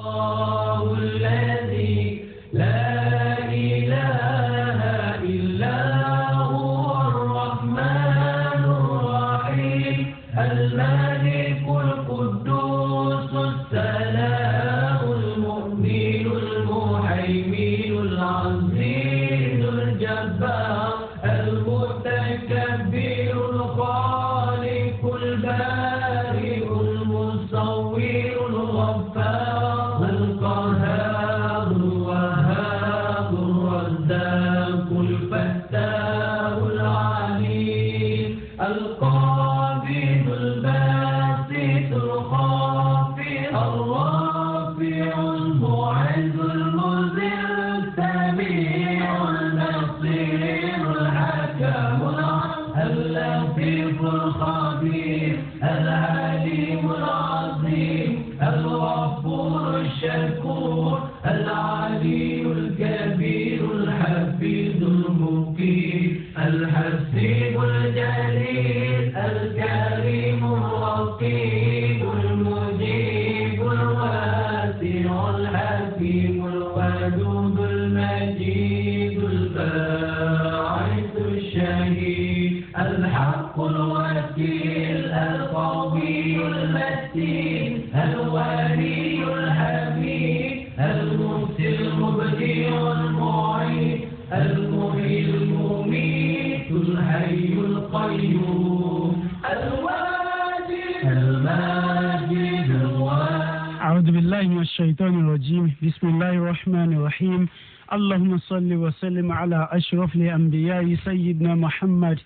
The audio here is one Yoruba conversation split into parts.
Oh. المتين القوي المتين الولي الحميد المبدي المبدي المعيد المحيي المميت الحي القيوم الواجد الماجد الواجد أعوذ بالله من الشيطان الرجيم بسم الله الرحمن الرحيم اللهم صل وسلم على أشرف الأنبياء سيدنا محمد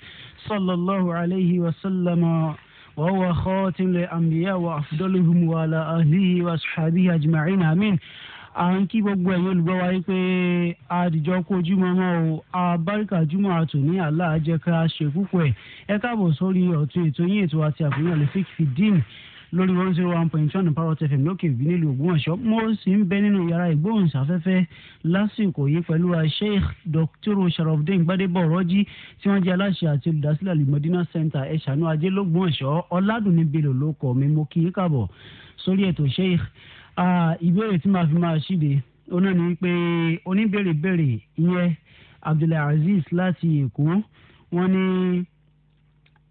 صلى الله عليه وسلم وهو خاتم الأنبياء وأفضلهم وعلى أهله وأصحابه أجمعين آمين à ń kí gbogbo ẹ̀yin olùgbọ́ wa pé àdìjọ kó ojúmọ́ mọ́ o àbáríkà júmọ́ àtòní àlá àjẹká ṣe púpọ̀ ẹ̀ ẹ káàbọ̀ sórí ọ̀tún ètò yín ètò àti àfihàn lè fi fìdí lórí one zero oh one point one parrot fm lókè ìbí nílùú ògbómọ̀ṣọ́ mo sì ń bẹ nínú yàrá ìgbóhùnsáfẹ́fẹ́ lásìkò yìí pẹ̀lú sheikh dr sharafdin gbadebo ọ̀rọ́jì tí wọ́n jẹ́ aláṣẹ àti olùdásílẹ̀ alimọ̀dínà center ẹ̀ṣánú ajé lọ́gbọ̀nsọ́ ọ̀làdùnní bello ló kọ́ mi mo kí i káàbọ̀ sórí ètò sheikh ìbéèrè tí màá fi máa ṣíde oná ni pé oníbèrè bèrè ìyẹn abdulaziz láti èkó wọ́n ní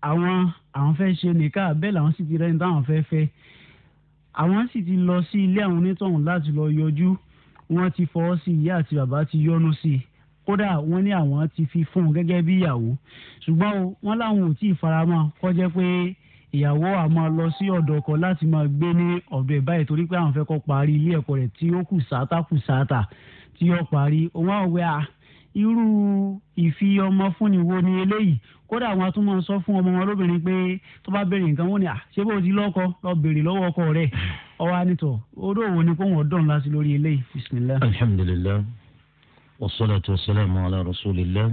àwọn àwọn fẹ́ ṣe nìka bẹ́ẹ̀ làwọn sì ti rẹ́ni táwọn fẹ́ fẹ́ àwọn sì ti lọ sí ilé àwọn onítọ̀hún láti lọ yọjú wọ́n ti fọwọ́ sí ìyá àti bàbá ti yọ́nú sí i kódà wọ́n ní àwọn ti fi fún un gẹ́gẹ́ bí ìyàwó ṣùgbọ́n wọ́n láwọn ò tí ì faramọ́ kọjá pé ìyàwó àmọ́ lọ sí ọ̀dọ̀ ọkọ láti máa gbé ní ọ̀dọ̀ ẹ̀ báyìí torí pé àwọn fẹ́ kọ́ parí ilé ẹ̀kọ́ rẹ̀ tí ó kù sáátà kù sáátà tí ó parí òun àwọn wẹ́ à irú ìfi ọmọ fúnni wo ni eléyìí kódà àwọn atúmọ̀ sọ fún ọmọ wọn lóbìnrin pé tó bá béèrè nǹkan wọn ni à ṣé bó ti lọ́kọ lọ béèrè lọ́wọ́ ọkọ rẹ̀ ọwọ́ anitọ̀ odò wo ni kó wọn dọ̀n láti lórí eléyìí bisimilá. alhamdulillah wasalaatu wasalaamu ala rasulillah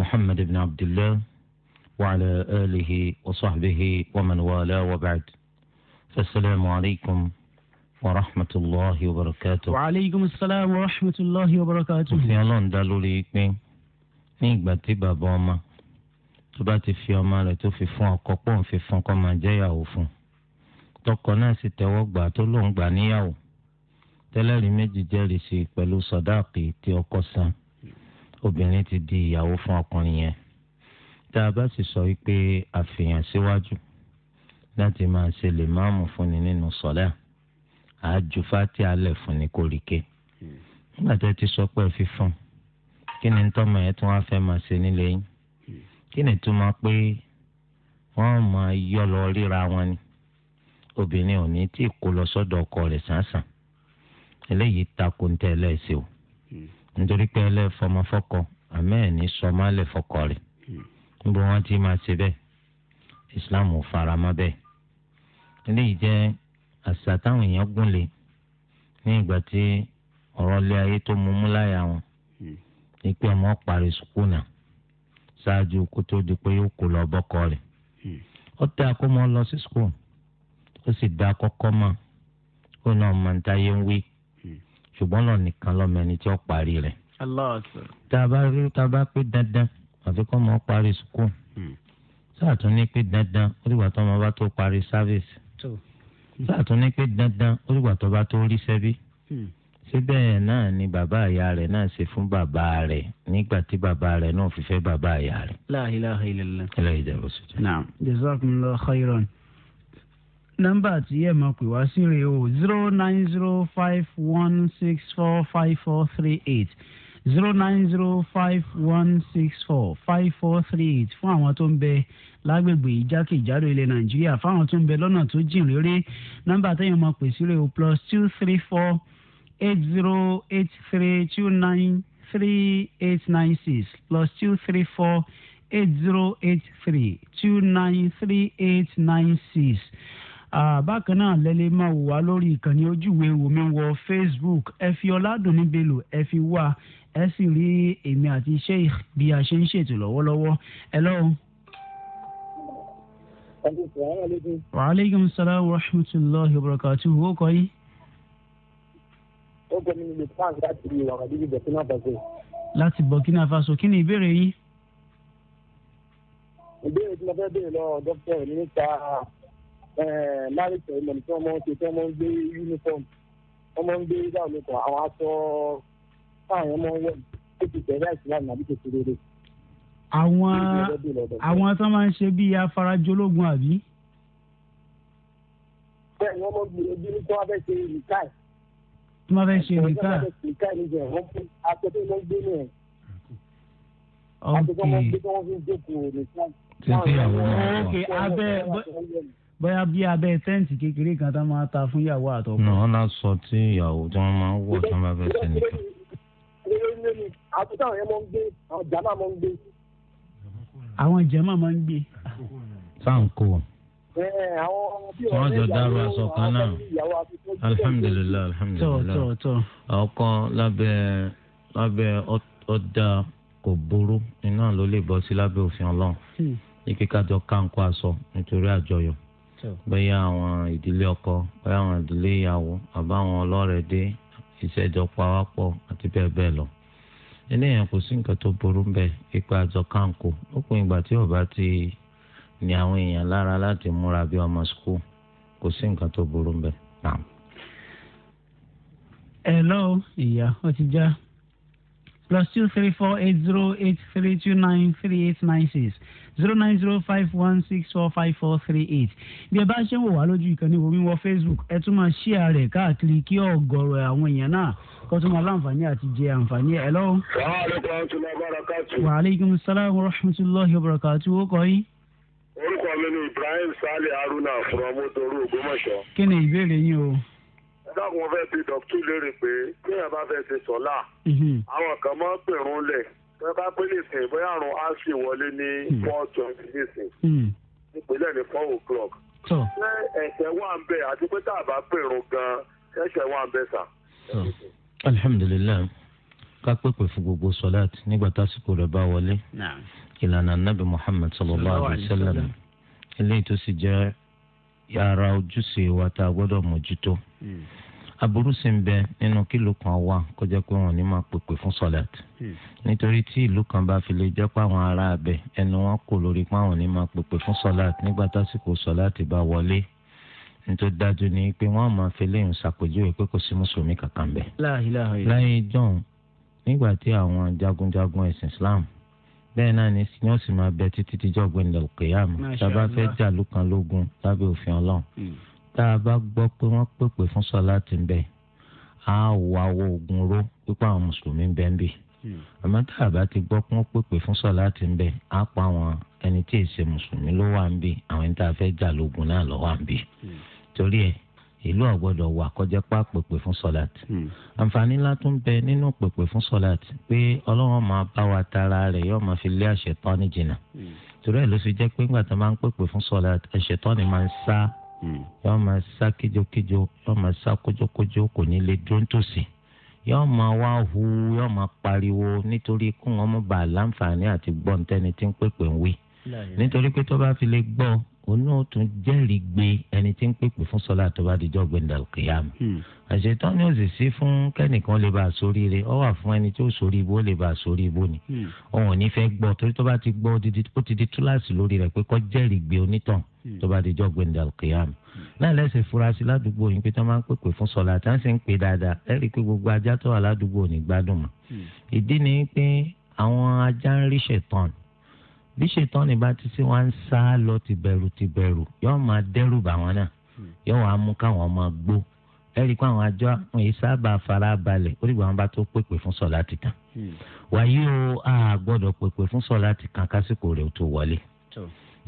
muhammad ibn abdillah wa ala alihi wa sahbihi wa man wala wa ba'd. fasalaamu alaykum wa rahmatulahi wa barakatu. wa aleykum salaam wa rahmatulahi wa barakatu. òfin ọlọ́run dá lórí pé ní ìgbà tí bàbá ọmọ tó bá ti fi ọmọ rẹ̀ tó fi fún ọkọ pọ̀ ń fi fún ọkọ máa jẹ́ ìyàwó fún tọkọ náà sì tẹ́wọ́ gbà tó lóun gbà níyàwó tẹ́lẹ̀rí méjì jẹ́rìí sí pẹ̀lú sọ̀dáàkì tí ọkọ san obìnrin ti di ìyàwó fún ọkùnrin yẹn tá a bá sì sọ wípé àfihàn síwájú láti máa ṣe lè máàmù fúnni nínú sọ̀lẹ́à. tí a alẹ fún ni kò rí ké hmm. ti sọ pé kí ni tọmọ yẹn tí wọ́n fẹ́ máa ṣe nílé yín hmm. kí ni tó pé wọ́n máa yọ lọ ríra wọn ni obìnrin ò ní tí kó lọ sọ́dọ̀ ọkọ rẹ̀ sánsan eléyìí takò o hmm. nítorí pé fọkọ fọkọ rẹ̀ níbo ti máa ṣe bẹ́ẹ̀ islam fara mọ́ bẹ́ẹ̀ eléyìí jẹ́ àṣà táwọn èèyàn gúnlẹ̀ ní ìgbà tí ọ̀rọ̀ ilé ayé tó mumú láyà wọn hmm. ní pé ọmọ parí sukùl náà ṣáájú kó tó di pé yóò kó lọ bọ́kọ rẹ̀ hmm. ó tẹ akọ́mọ lọ sí sukùl ó sì dá kọ́kọ́ mọ́ ó náà máa ń táyé ń wí hmm. ṣùgbọ́n náà nìkan lọ́mọ tí ó parí rẹ̀ tá a bá rí tá a bá pé dandan àfi kọ́ ọmọ parí sukùl sáà tún ní pé dandan ó dìgbà tó ọmọ bá tó parí sáfíìsì nígbà tó ní pé dandan olùgbà tó bá tó rí sẹ́bí hmm. síbẹ̀ náà ni bàbá àyà rẹ̀ náà ṣe fún bàbá rẹ̀ nígbà tí bàbá rẹ̀ náà fi fẹ́ bàbá àyà rẹ̀. la ilaha illallah. ẹlẹ́yìí jẹ́ bó ṣe jẹ́. naam jazakumullahu khairan. nọ́mbà tí ẹ máa wá sí rèé o zero nine zero five one six four five four three eight zero nine zero five one six four five four three eight fún àwọn tó ń bẹ lágbègbè ìjákèjádò ilẹ̀ nàìjíríà fáwọn tó ń bẹ lọ́nà tó jìn réré nọ́mbà tẹ́yìn mọ́ pèsè rẹ̀ o plus two three four eight zero eight three two nine three eight nine six plus two three four eight zero eight three two nine three eight nine six bákan náà lẹ́lẹ́ máa wò wá lórí ìkànnì ojúwe wòmí wọ facebook ẹ fi ọ̀làdùnní belò ẹ fi wá ẹ sì rí èmi àti sheikh bí a ṣe ń ṣètò lọ́wọ́lọ́wọ́ ẹ lọ́hùn wa aleykum salaam wa rahmatulahi wa barakatuhu o kọ yìí. ó kọ́ mi ní lukman láti wàkàdìbí burkina faso. láti burkina faso kí ni ìbéèrè yín. ìbéèrè tí mo fẹ́ béèrè lọ dókítà ní nípa márùkẹ́ ìmọ̀lẹ́ tí wọ́n mọ̀ ṣe tí wọ́n mọ̀ ń gbé uniform wọ́n mọ̀ ń gbé dáhùn nípa àwọn aṣọ táwọn ọmọ wọn wọ̀ ti tẹ̀lé àìsàn àbí tètè rere àwọn àwọn tó máa ń ṣe bíi afarajológun àbí. bẹ́ẹ̀ ni wọ́n mọ̀ gbìyànjú ní kí wọ́n fẹ́ ṣe nìkan. tí wọ́n fẹ́ ṣe nìkan. nìkan ni jẹ̀ wọ́n fún aṣọ tó lọ gbé ní ẹ̀. aṣọ tó lọ gbé tí tètè àwọn ọmọ ọkọ. abẹ́ bóyá bí abẹ́ tẹ́ǹtì kékeré kan tá máa ta fún ìyàwó àtọkọ. náà wọ́n náà tí ìyàwó tí wọ́n máa ń wọ̀ tí wọ́n bá fẹ́ ṣe nìkan. àtúntà àwọn yẹn mọ̀ ń gbé àwọn jàmbá mọ̀ ń gbé àwọn jàmá máa ń gbé. sanko. wọ́n jọ dárò aṣọ kan náà alhamdulilayi alhamdulilayi ọkọ lábẹ́ lábẹ́ ọ̀dà kò burú iná ló lè bọ́ sí lábẹ́ òfin ọlọ́run hmm. ní kíkájọ kánkó aṣọ nítorí àjọyọ̀ bẹ́ẹ̀ àwọn ìdílé ọkọ bẹ́ẹ̀ àwọn ìdílé ìyàwó àbáwọn ọlọ́rẹ̀ẹ́dẹ́ ìṣẹ́jọpọ̀ àwápọ̀ àti bẹ́ẹ̀ bẹ́ẹ̀ lọ eléyàn kò sí nǹkan tó burú ń bẹ ipa àjọ kánkó lópin ìgbà tí ọba ti ní àwọn èèyàn lára láti múra bí ọmọ sukùl kò sí nǹkan tó burú ń bẹ. ẹ lọ́wọ́ ìyá ó ti já plus two three four eight zero eight three two nine three eight nine six zero nine zero five one six four five four three eight bí ẹ bá ṣe ń wò wá lójú ìkànnì wo wíwọ facebook ẹ tún máa ṣíà rẹ̀ káàkiri kí ọ̀gọ̀rọ̀ àwọn èèyàn náà kó tún máa láǹfààní àti jẹ àǹfààní ẹ lọ. wa salaam wa rahmatulahi wa barakatu o kọ́ yín. orúkọ mi ni ibrahim sali haruna fúnramọ́tòrú ògbómọ̀ṣọ́. kí ni ìbéèrè yín o dákun fẹ́ bi dọ́kítù léèrè pé kéèyàn bá fẹ́ ṣe sọ́lá mhm. àwọn kan máa ń pèrún lẹ̀ bẹ́ẹ̀ bá pé nìsín bóyá àrùn afi wọlé ní hmm. four twenty nìsín hmm. ìpínlẹ̀ ní four o'clock. ṣé ẹ̀ṣẹ̀ wà ń bẹ̀ àti pé tá a bá pèrò gan-an ẹ̀ṣẹ̀ wà ń bẹ̀ sà. alhamdulilayi ká pèpè fún gbogbo sọláàt nígbà tásìkò rẹ̀ bá wọlé ìlànà nabi muhammad sallallahu alayhi wa sallam eléyìí tó sì jẹ́ yàrá ojúṣe wa tá a gbọ́dọ̀ mójútó. Mm aburú sì ń bẹ nínú kílò kan wà kó jẹ́ pé wọn ò ní máa pèpè fún sọlẹt hmm. nítorí tí ìlú kan bá fi lè jẹ́ pé àwọn ará abẹ ẹnu wọn kò lórí pé àwọn ò ní máa pèpè fún sọlẹt nígbà tásìkò sọlẹt bá wọlé nítorí dájú ni pé wọn máa fi léyìn ṣàpèjúwe pé kò sí mùsùlùmí kankan bẹ. láyé john nígbà tí àwọn jagunjagun ẹ̀sìn islam bẹ́ẹ̀ náà ni ni wọ́n sì máa bẹ títí tíjọ́ gbẹ̀ndẹ̀ òkèèyàn tá a fẹ́ jà lókan lógun lábẹ́ òfin ọlọ́run hmm tá a bá gbọ́ pé wọ́n pèpè fún sọ́láàtì ń bẹ̀ á wà wọ ogun ró pípa àwọn mùsùlùmí ń bẹ́ ń bì hmm. àmọ́ tá a bá ti gbọ́ pé wọ́n pèpè fún sọ́láàtì ń bẹ̀ á pa àwọn ẹni tí èsè mùsùlùmí ló wà ń bì àwọn ẹni tá a fẹ́ jà lógun náà ló wà ń bì hmm. torí ẹ̀ ìlú ọ̀gbọ́dọ̀ wà kọjá pa pèpè fún sọ́láàtì hmm. àǹfààní ńlá tún bẹ nínú pèpè fún sọ́láàtì pé ọlọ́run máa bá wa tara rẹ̀ yóò máa fi lé àṣetán níjìnà torí ẹ̀ ló fi jẹ́ pé ńgbà tó máa ń pèpè fún sọ́láàtì àṣetán ni máa ń sá Hmm. yóò máa sá kíjokíjo yóò máa sá kójókójó kò ní lè dúró tòsí yóò máa wá hu yóò máa pariwo nítorí kó wọn mọ bàa láǹfààní àti gbọ́ ntẹ́ni tí ń pèpè ń wí nítorí pé tó bá fi lè gbọ́ òun náà tún jẹ́rìí gbé ẹni tí ń pèpè fún sọlá tó bá dijọ́ gbẹ̀ndàlù kìyàmù. Hmm. àṣetán ni ó sì sí fún kẹ́nìkan lè bá a sórí rẹ̀ ọ wà fún ẹni tí ó sórí ibò lè bá a sórí ibò ni. Hmm. òun ò ní fẹ́ gbọ́ torí tó bá ti gbọ́ ó ti di túláàsì lórí rẹ̀ pé kó jẹ́rìí gbé onítàn tó bá di jọ́ gbẹ̀ndà kìyàmù náà lẹ́sẹ̀ furasí ládùúgbò yín pé tó máa ń pèpè fún sọlá tá à ń sì ń pè dáadáa ẹ rí i pé gbogbo ajá tó wà ládùúgbò ní gbádùn mọ́ hmm. ìdí ni pé àwọn ajá ń rí ṣètọ́n bí ṣètọ́n ní bá ti sí wọn ń sá lọ ti bẹ̀rù ti bẹ̀rù yóò máa dẹ́rù bà wọ́n náà hmm. yóò wá mú káwọn máa gbó ẹ rí i pé àwọn ajá wọn yìí sábà fara balẹ̀ ó dìgbà wọn bá tó pèpè fún sọlá ti kàn hmm. wàyí o a gbọ́dọ̀ pèpè fún sọlá ti kàn kásìkò rẹ̀ tó wọlé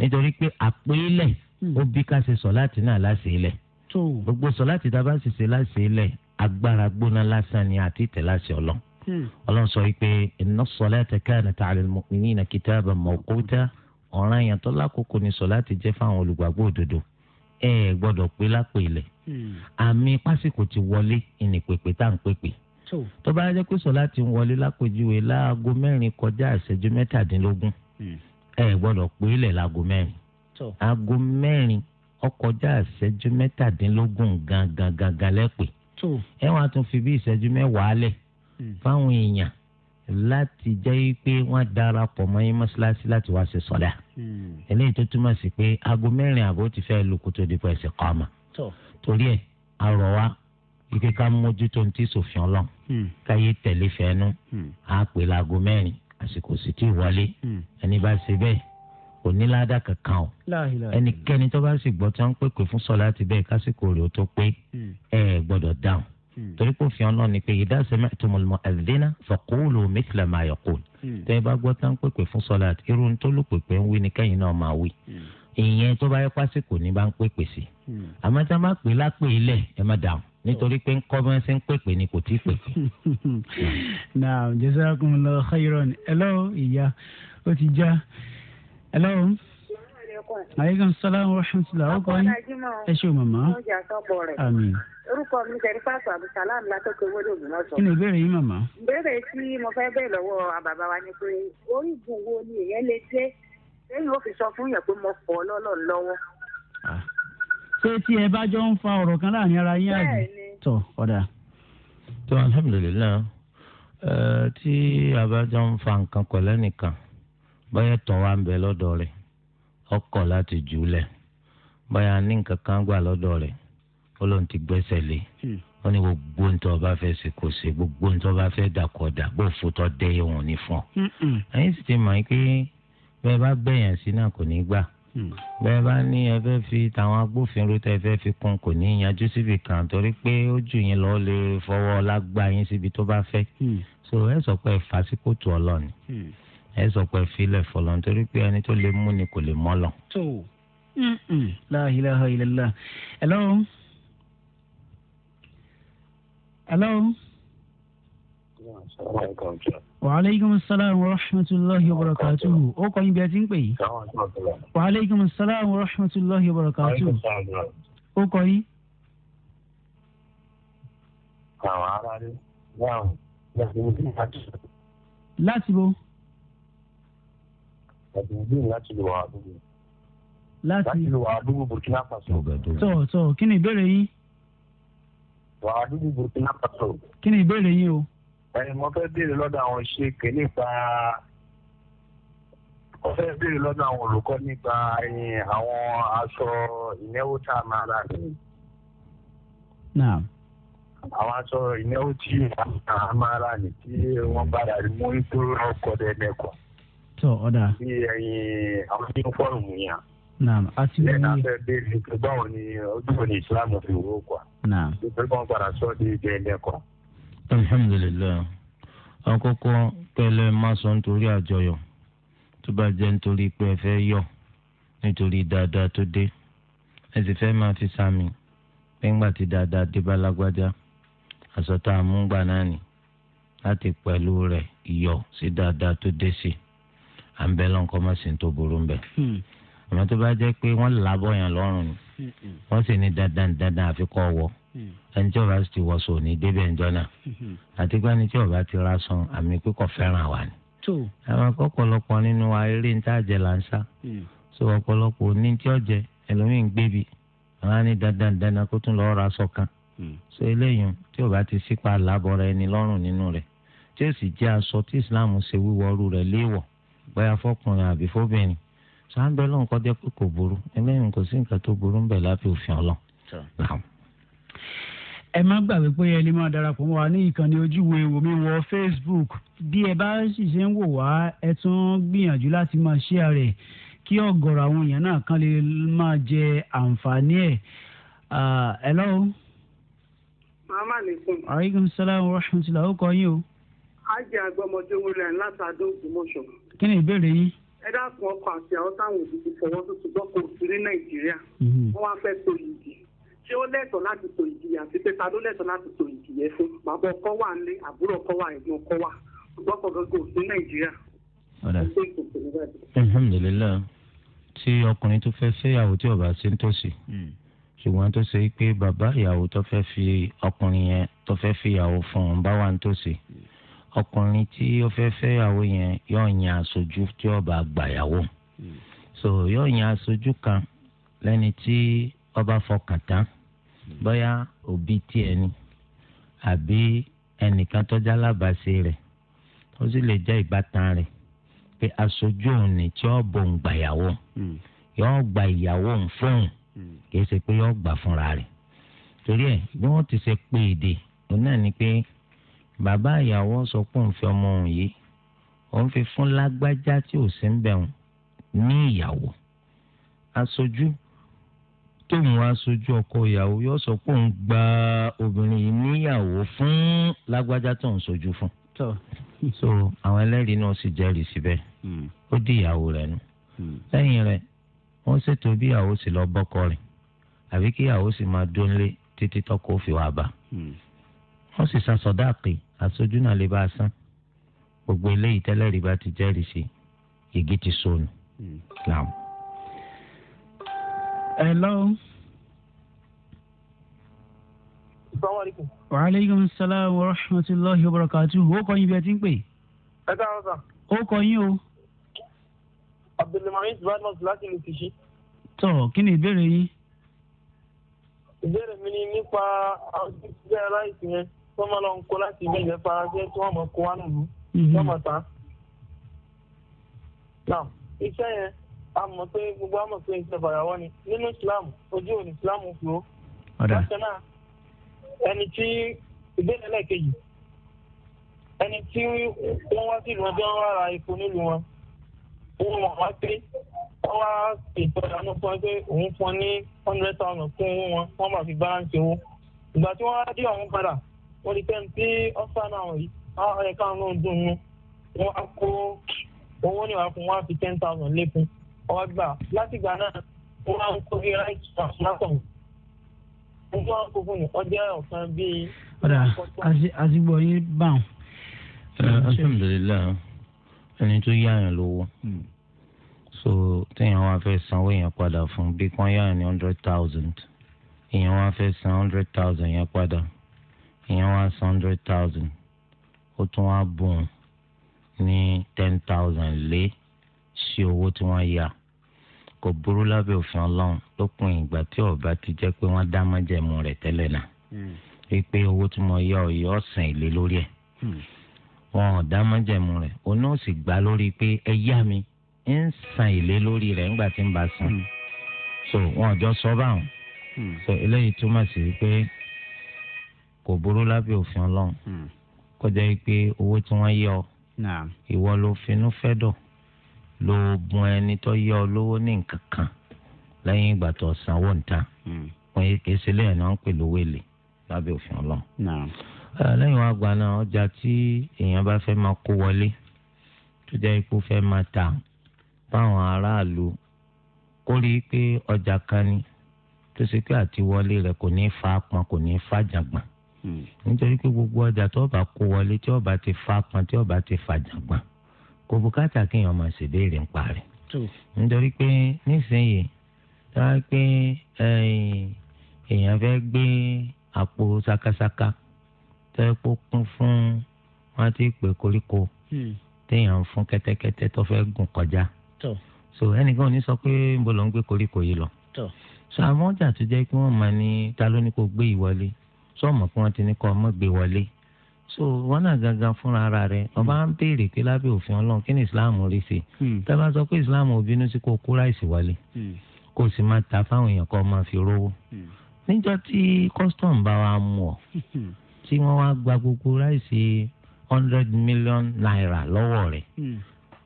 nítorí pé àpéélẹ̀ hmm. ó bí ká ṣe sọ̀láàtì náà láṣẹ̀ẹ́lẹ̀ gbogbo sọ̀láàtì tá a bá sì ṣe láṣẹ̀ẹ́lẹ̀ agbára gbóná lásán ni àti tẹ̀ láṣẹ ọlọ́ hmm. ọlọ́run sọ wípé inna salata kanat ala al-mu'minina kitaban mawquta ọ̀ràn yẹn tó lákòókò ni sọ̀láàtì jẹ́ fáwọn olùgbàgbọ́ òdodo ẹ ẹ gbọ́dọ̀ pé lápèlẹ̀ hmm. àmì pásìkò ti wọlé ìnìpèpè tá à ń pèpè tó bá jẹ́ pé sọ̀láàtì ń wọlé lápèjúwe ẹ gbọ́dọ̀ pé ilẹ̀ láago mẹ́rin aago mẹ́rin ọkọjá ìṣẹ́jú mẹ́tàdínlógún gangan gangan lẹ́pẹ́ ẹ wọ́n á tún fi bí ìṣẹ́jú mẹ́wàá lẹ̀ hmm. fáwọn èèyàn láti jẹ́ pé wọ́n darapọ̀ mọ́ yín mọ́ṣáláṣí láti wá ṣe sọ́dà hmm. eléyìí tó túmọ̀ sí pé aago mẹ́rin àbọ̀ ti fẹ́ lu kótó dípò ẹ̀sẹ̀ kọ́ ọmọ torí ẹ̀ arọ̀ wa ike ká mójútó ní ti sòfin ọlọ́run hmm. káyé tẹ̀lé fẹ́ẹ́nu àá pè láago mẹ́rin àsìkò sì ti wọlé hmm. ẹni bá ṣe bẹ́ẹ̀ kò ní ládà kankan o ẹnikẹ́ni tó bá sì gbọ́ tí wọ́n ń pèpè fún sọ láti bẹ́ẹ̀ kásìkò rẹ̀ ó tó pé hmm. ẹ gbọ́dọ̀ dáhùn hmm. torí kò fi ọlọ́ọ̀ni pé idha sami'tumul mu'adhdhina faqulu mithla ma yaqul tẹ́ ẹ bá gbọ́ tí wọ́n ń pèpè fún sọ láti irú tó ló pèpè ń wí ni kẹ́yìn náà máa wí ìyẹn tó bá yẹ pásìkò ní bá ń pèpè sí àmọ́ tí wọ́n bá pè lápè ilẹ̀ ẹ má dáhùn nítorí pé ń kọ́ bí wọ́n ṣe ń pèpè ni kò tí ì pèpè. náà jazakumullahu khairan hello ìyá ó ti já hello aleykum salaam wa rahmatulah ọkọ yín ẹ ṣe o màmá àmín. orúkọ mi sẹ́ni fásitì abdulsalam látọ́kọ̀ owó ní ògbómọ̀ṣọ́. kí ni ìbéèrè yín màmá. ìbéèrè tí mo fẹ́ bẹ́ẹ̀ lọ́wọ́ àbàbà wa ni pé orígun wo ni èèyàn lè dé lẹ́yìn ó fi sọ fún yẹn pé mo fọ́ lọ́lọ́ lọ́wọ́ pé tí ẹ bá jọ ń fa ọ̀rọ̀ kan láàrin ara yín àbí tọ̀ ọ̀dà. tó alhamdulilayi tí a bá jọ ń fa nǹkan pẹ̀lẹ́ nìkan báyẹn tọ̀ wá ń bẹ lọ́dọ̀ rẹ̀ ọkọ̀ láti jùlẹ̀ báyà ní nǹkan kan gbà lọ́dọ̀ rẹ̀ ó lóun ti gbẹ́sẹ̀ lé ó ní gbogbo ní tó bá fẹ́ ṣe kò ṣe gbogbo ní tó bá fẹ́ dàkọ̀dà bó fòtọ́ dẹ́yẹ̀ wọn ní fún ọ. ẹ̀yin sì ti mọ̀ pé bẹ́ẹ̀ bá bẹ̀yàn sí náà kò ní gbà. Hmm. bẹ́ẹ̀ bá ní ẹ fẹ́ fi tàwọn agbófinró tẹ́ fẹ́ fi kún kò ní yanjú síbi kan torí pé ó jù yín lọ lè fọwọ́ lágbá yín síbi tó bá fẹ́ hmm. so ẹ sọ pé fà sí kóòtù ọlọ́ni hmm. ẹ sọ pé filẹ̀ fọlọ́ nítorí pé ẹni tó lè mú ni kò lè mọ́ lọ. tó la ilaha illallah hello hello wàhálẹ́kùn sálàmù rọ́ṣmẹ́tùláhì ọ̀bọ̀rọ̀kàtúhù ó kọ́ yín bí ẹ ti ń pè yìí. wàhálẹ́kùn sálàmù rọ́ṣmẹ́tùláhì ọ̀bọ̀rọ̀kàtúhù ó kọ́ yín. àwọn ará rẹ̀ wà láti ní kí n bá tù. láti bo. láti ní kí n bá tù lọ àdúgbò. burkina faso. tọ̀ tọ̀ kí ni ìbéèrè yín. wà àdúgbò burkina faso. kí ni ìbéèrè yín o. ẹni mo fẹ́ béèrè lọ́dọ̀ àwọn nípa mo fẹ́ lọ́dọ̀ àwọn olùkọ́ nípa àwọn aṣọ ìnáwó tá a máa rà ní. àwọn aṣọ ìnáwó tí a máa rà ní tí wọ́n padà mú nítorí ọkọ̀ dẹ́nẹ́kọ̀. tó ọ̀dà. bí ẹyin àwọn yẹn. Naam, bẹ́ẹ̀ ni ojú ni Ìsìlámù fi wó kọ́. Naam. padà di alhamdulilayi àkọ́kọ́ pẹ̀lẹ́ maṣọ nítorí àjọyọ̀ tó bá jẹ́ nítorí pé ẹ fẹ́ yọ̀ nítorí dáadáa tó dé ẹ sì fẹ́ máa fi sàmì nígbà tí dáadáa dé bá lágbájá aṣọ tá a mú gbà náà nì láti pẹ̀lú rẹ̀ yọ̀ sí dáadáa tó dé sí à ń bẹ lọ́nkọ́ má sì ń tó burú ń bẹ̀. Hmm. àmọ́ tó bá jẹ́ pé wọ́n làbọ̀ yàn lọ́rùn ni hmm, hmm. wọ́n sì ní dandan dandan àfikọ́ wọ̀ ẹni tí ọba ti wọṣọ ní débẹ̀ ńjọ náà àti pé ẹni tí ọba ti ra san àmì pípọ̀ fẹ́ràn wa ni. àwọn akọ́pọ̀lọpọ̀ nínú wa eré níta jẹ lansa so ọ̀pọ̀lọpọ̀ ní tí ọ̀jẹ̀ ẹlòmíín gbébi àwọn á ní dandan dandan kó tún lọ́ọ́ ra aṣọ kan so eléyìí tí ọba ti sípa làbọ̀rọ̀ ẹni lọ́rùn nínú rẹ̀ tí ó sì jẹ́ aṣọ tí Islam ṣe wíwọ́rú rẹ̀ léèwọ̀ bóyá fọkùnrin àbí fóbìnrin sọ à ń bẹ lóun kọjá pé kò burú eléyìí kò sí nǹkan tó burú ń bẹ lábẹ́ òfin Ọlọ́run ẹ má gbàgbé pé ẹ lè máa darapọ̀ mọ́ wa ní ìkànnì ojúwe omi wọ Facebook bí ẹ bá sì ṣe ń wò wá ẹ tún gbìyànjú láti máa share rẹ̀ kí ọ̀gọ̀rọ̀ àwọn èèyàn náà kan lè máa jẹ àǹfààní ẹ̀ ah, hello. màmá nìkún. aleykum salaam wa rahmatulah ó kọ yín o. a jẹ àgbọmọdé wúlẹ̀ látàdé ògbómọ̀ṣọ́. kí ni ìbéèrè yín ẹ dákun ọkọ àti àwọn táwọn òbí ti fọwọ́ tó ti gbọ́ kó sí ní nàìjíríà mhm. wọ́n wá fẹ́ tó yìí ṣé ó lẹ́tọ̀ọ́ láti tò ìjìyà sí pé ta ló lẹ́tọ̀ọ́ láti tò ìjìyà fún bàbá ọkọ wà nílé àbúrò ọkọ wà ẹ̀gbọ́n ọkọ wà gbọ́pọ̀ gbọ́gbọ́ sí nàìjíríà. alhamdulilayi tí ọkùnrin tó fẹ́ fẹ́yàwó tí ọba ṣe ń tòsí ṣùgbọ́n tó ṣe pé bàbá ìyàwó tó fẹ́ fi ọkùnrin yẹn tó fẹ́ fi ìyàwó fún un bá wà ń tòsí ọkùnrin tí ó fẹ́ fẹ́yàwó yẹn yóò yan aṣojú tí ọba gbàyàwó hmm. so yóò yan aṣojú kan lẹ́ni tí ọba fọkàn tán. Mm bóyá òbí tiẹ̀ ni àbí ẹnìkan tọ́jà alábàáṣe rẹ̀ ó sì lè jẹ́ ìbátan rẹ̀ pé aṣojú òun ni tí ó bò ń gbàyàwó hmm. yóò gba ìyàwó òun fóun hmm. kìí ṣe pé yóò gbà fúnra rẹ̀ torí ẹ̀ bí wọ́n ti ṣe pé èdè òun náà ni pé bàbá ìyàwó sọ pé òun fi ọmọ òun yìí òun fi fún lágbájá tí ò sí ń bẹ̀ òun ní ìyàwó aṣojú tóun wá sójú ọkọ ìyàwó yóò sọ pé òun gba obìnrin yìí níyàwó fún lágbájá tó ń sojú fún. so àwọn ẹlẹ́rìí náà sì jẹ́rìí síbẹ̀ hmm. ó di ìyàwó rẹ̀ nù. Hmm. lẹ́yìn rẹ̀ wọ́n ṣètò bí ìyàwó sì lọ bọ́kọ rẹ̀ àbí kí ìyàwó sì máa dónlé títí tọkọ fi wá bá. Hmm. wọ́n sì san sọ̀dáàpì àsojú náà lè bá a san gbogbo eléyìí tẹ́lẹ̀rí bá ti jẹ́rìí sí yìgì ti sọnù hello. salaamaleykum. waaleykum salaam wa rahmatulahi wa barakatuh o kọ́ yín bí ẹ ti ń pè. ẹ káàárọ̀ sà. o kọ́ yín o. abdulmanin badmus láti lè ti ṣí. tọ́ kí ni ìbéèrè yín. ìbéèrè mi ni nípa àwọn tí wọ́n ń láìsí yẹn tó máa lọ kó láti ilé ìlẹ̀ faransé tí wọ́n mọ̀ kó wá nù. Mhm. wọ́n mọ̀ tán. náà iṣẹ́ yẹn a mọ̀ pé gbogbo àmọ̀ pé iṣẹ́ fàyàwọ́ ni nínú islam ojú òní islam fi ó. bákan náà ẹni tí ìbéèrè lẹ́ẹ̀kejì ẹni tí wọ́n wá sí ìlú wọn tí wọ́n wá ra epo nílùú wọn wọn wọ̀ wá pé wọ́n wá ètò ìdáná fún ẹ pé òun fún ọ ní hundred thousand fún owó wọn wọ́n máa fi balance owó ìgbà tí wọ́n wá dé ọ̀hún padà wọ́n di pẹ́ẹ́n tí ọ́fà náà wọ̀nyí àwọn ẹ̀ka àwọn ọ̀dùn nù wọ́n á kó owó níwàá fún wọn á fi ten thousand lékún ọgbà látìgbà náà ó máa ń kó bí right translation ojú àwọn kókó ni ọjọ́ ọ̀kan bíi. ọ̀dà àtìgbọ̀ yín bá wọn. alhamdulilayi ẹni tó yáyàn lówó hmm. so téèyàn wá fẹ́ sanwó yẹn padà fún bí kán ní hundred thousand èèyàn wá fẹ́ san hundred thousand yẹn padà èèyàn wá san hundred thousand ó tún wá bùn ní ten thousand lé sí owó tí wọ́n yá kò burú lábẹ́ òfin ọlọ́run lópin ìgbà tí ọba ti jẹ́ pé wọ́n dá májẹ̀mú rẹ̀ tẹ́lẹ̀ náà hmm. wípé owó tí mo yá ọ yọ ọ̀sán èlé lórí ẹ̀ hmm. wọn ò dá májẹ̀mú rẹ̀ oní ò sì gbá lórí pé ẹ yá mi ń san èlé lórí rẹ̀ ńgbà tí ń bá san hmm. so wọn ò jọ sọ báwọn so eléyìí túmọ̀ sí pé kò burú lábẹ́ òfin ọlọ́run kọjá pé owó tí wọ́n yọ ìwọ ló finú fẹ́ dọ̀ ló gun ẹni tó yá ọ lówó ní nǹkan kan lẹ́yìn ìgbà tó sanwó níta hmm. wọn kì í ṣe lẹ́yìn náà ń pè lówó èlé lábẹ́ òfin ọlọ́run. lẹ́yìn wàá gba náà ọjà tí èèyàn bá fẹ́ máa kó wọlé tó jẹ́ ipò fẹ́ máa ta báwọn aráàlú kó rí i pé ọjà kan ni tó ṣe pé àti wọlé rẹ̀ kò ní fa pọn kò ní fa jàgbọ́n hmm. nítorí pé gbogbo ọjà tó bá kó wọlé tí ó ti fa pọn tí ó ti fa jàgbọ́n kò bùkátà kéèyàn máa ṣèbéèrè ń parí. nítorí pé nísìnyìí dáa pé èèyàn fẹ́ gbé àpò sakasaka tó yẹ kó kún fún wọn ti pè koríko hmm. téèyàn ń fún kẹ́tẹ́kẹ́tẹ́ tó fẹ́ gùn kọjá. so ẹnìkan ò ní sọ pé ń bọ̀ ló ń gbé koríko yìí lọ. so àwọn ọjà tó jẹ́ kí wọ́n máa ní ta ló ní kó gbé ìwọlé sọ́ọ̀mù kí wọ́n ti ní kó ọmọ gbé wọlé. So, so wọn náà gangan fúnra ara rẹ ọba ń béèrè pé lábẹ́ òfin Ọlọ́run kí ni islam rí sí hmm. tẹlifà sọ pé islam ò bínú sí kó kó ráìsì wálé hmm. kó sì máa ta fáwọn èèyàn kó máa fi rówó hmm. níjọ́ tí custom bá wa mú ọ tí wọ́n wá gba gbogbo ráìsì hundred million naira lọ́wọ́ rẹ̀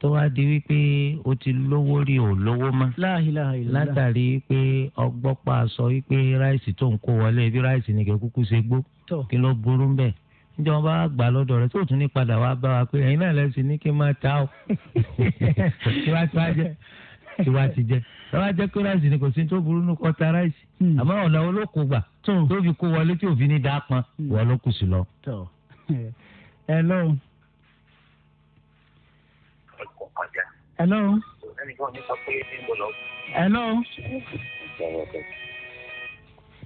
tó wá di wípé o ti lówó rí o lówó mọ́ látàrí pé ọgbọ́pá sọ wípé ráìsì tó ń kó wọlé bí ráìsì ni kúkú ṣe gbó kí ló burú bẹ́ẹ̀ níjọ wọn bá gbà lọ́dọ̀ rẹ̀ tó tún ní padà wá bá wa pé ẹ̀yin náà lẹ́sìn ní kí n máa ta ọ́ tiwa ti wá jẹ́ tiwa ti jẹ́ tiwa jẹ́ pé ráìsì ni kò sí tó burú nù kọ́ ta ráìsì hmm. àmọ́ ọ̀nà olóko gbà tó fi kó wọlé tí òfin ní dáa pọn hmm. wọ́n ló kù sí lọ. hello. hello. hello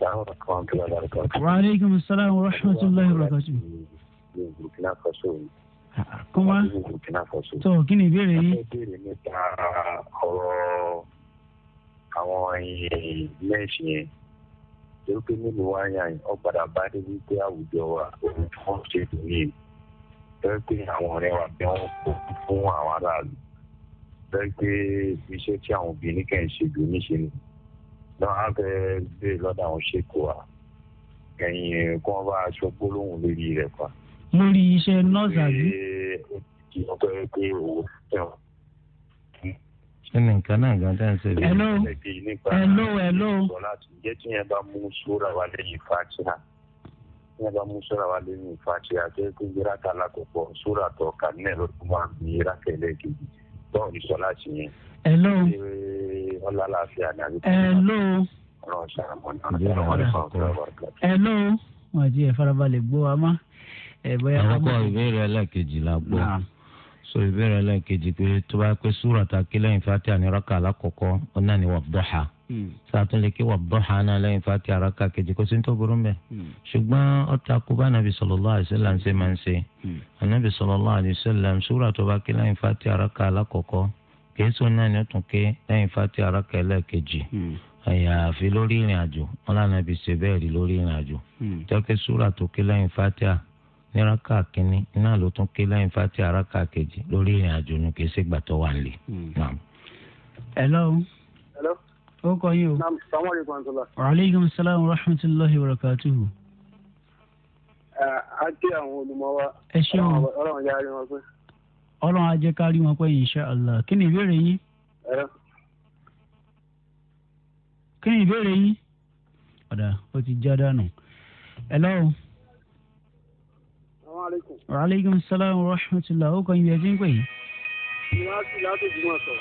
waaleykum salaam wa rahmatulahi wa barakatu. kuma tó kí ni ìbéèrè yìí. àwọn ìbéèrè nípa ọ̀rọ̀ àwọn mẹ́ẹ̀sì yẹn torí pé nínú wa yàn yín ọ̀padà bá dé wípé àwùjọ wa òun tí wọ́n ṣe tó yìí torí pé àwọn ọ̀rẹ́ wa bí wọ́n kó fún àwọn aráàlú torí pé iṣẹ́ tí àwọn obìnrin kàn ṣe jù níṣẹ́ nìyí náà á fẹ́ gbé lọ́dọ̀ àwọn ṣèkó wa ẹ̀yìn kí bá aṣọ gbólóhùn lórí rẹ̀ pa. lórí iṣẹ́ nọ́ọ̀sì àbí. ṣé o fẹ́ pé owó tẹ̀wọ̀n ẹnì nǹkan náà gan tẹ́ ń ṣe bí. hello hello hello. ǹjẹ́ tí yẹn bá mú sóra wa lẹ́yìn fàtíà tí yẹn bá mú sóra wa lẹ́yìn fàtíà tó yẹ kó yẹra ta la sóra tọ̀ kà ní ẹ̀rọ tó máa ń yẹra kẹlẹ́ kejì báwo ni ọlá àlàáfíà ní àgbẹ̀. hello. ọ̀rọ̀ ṣàràmọ́ ní ọ̀rọ̀ ṣàràmọ́ ní ọ̀rọ̀ hello. màjí ẹ farabalẹ̀ gbọ́ wa má. àwọn kọ́ ìbéèrè ẹlẹ́ẹ̀kejì la gbọ́ so ìbéèrè ẹlẹ́ẹ̀kejì pé tó bá pé súrà ta kí lẹ́yìn fati àníraka alákọ̀ọ́kọ́ ọ náà ni wà dọ́ha sàtúnlẹ̀ hmm. kí wà dọ́ha náà lẹ́yìn fati àràkà kejì kó sí ní tó burú mẹ́. Hmm. ṣùgbọ́n ọ̀tá kúbá nàbì sallallahu alaihi wasallam ṣe máa ń ṣe hmm. ànàbì sallallahu alaihi wasallam súrà tó bá kí lẹ́yìn fati àràkà alákọ̀ọ́kọ́ kèésù náà ni ó tún ké lẹ́yìn fati araka ẹlẹ́ẹ̀kejì hmm. àyàfi lórí ìrìn àjò wọn lànà bí ṣe bẹ́ẹ̀ rí lórí ìrìn àjò hmm. tọ́kẹ́ súrà tó ké lẹ́yìn fati a kínní náà ló tún ké lẹ́yìn fati araka kejì lórí ìrìn àjò ni kìí ṣe gbàtọ́ wà hmm. yín o. salaam wa rahmatulahi wa eh, àwọn wa. ẹ ṣeun. ọlọ́run á jẹ́ ká rí wọn pé insha allah kí ni ìbéèrè yín. kí ni ìbéèrè yín. ọ̀dà ó ti já dànù. hello. salaamaleykum. wa aleykum salaam wa rahmatulah ó kàn yín bí ẹ ti ń pè yín. ìyá sì láti jùmọ̀ sọ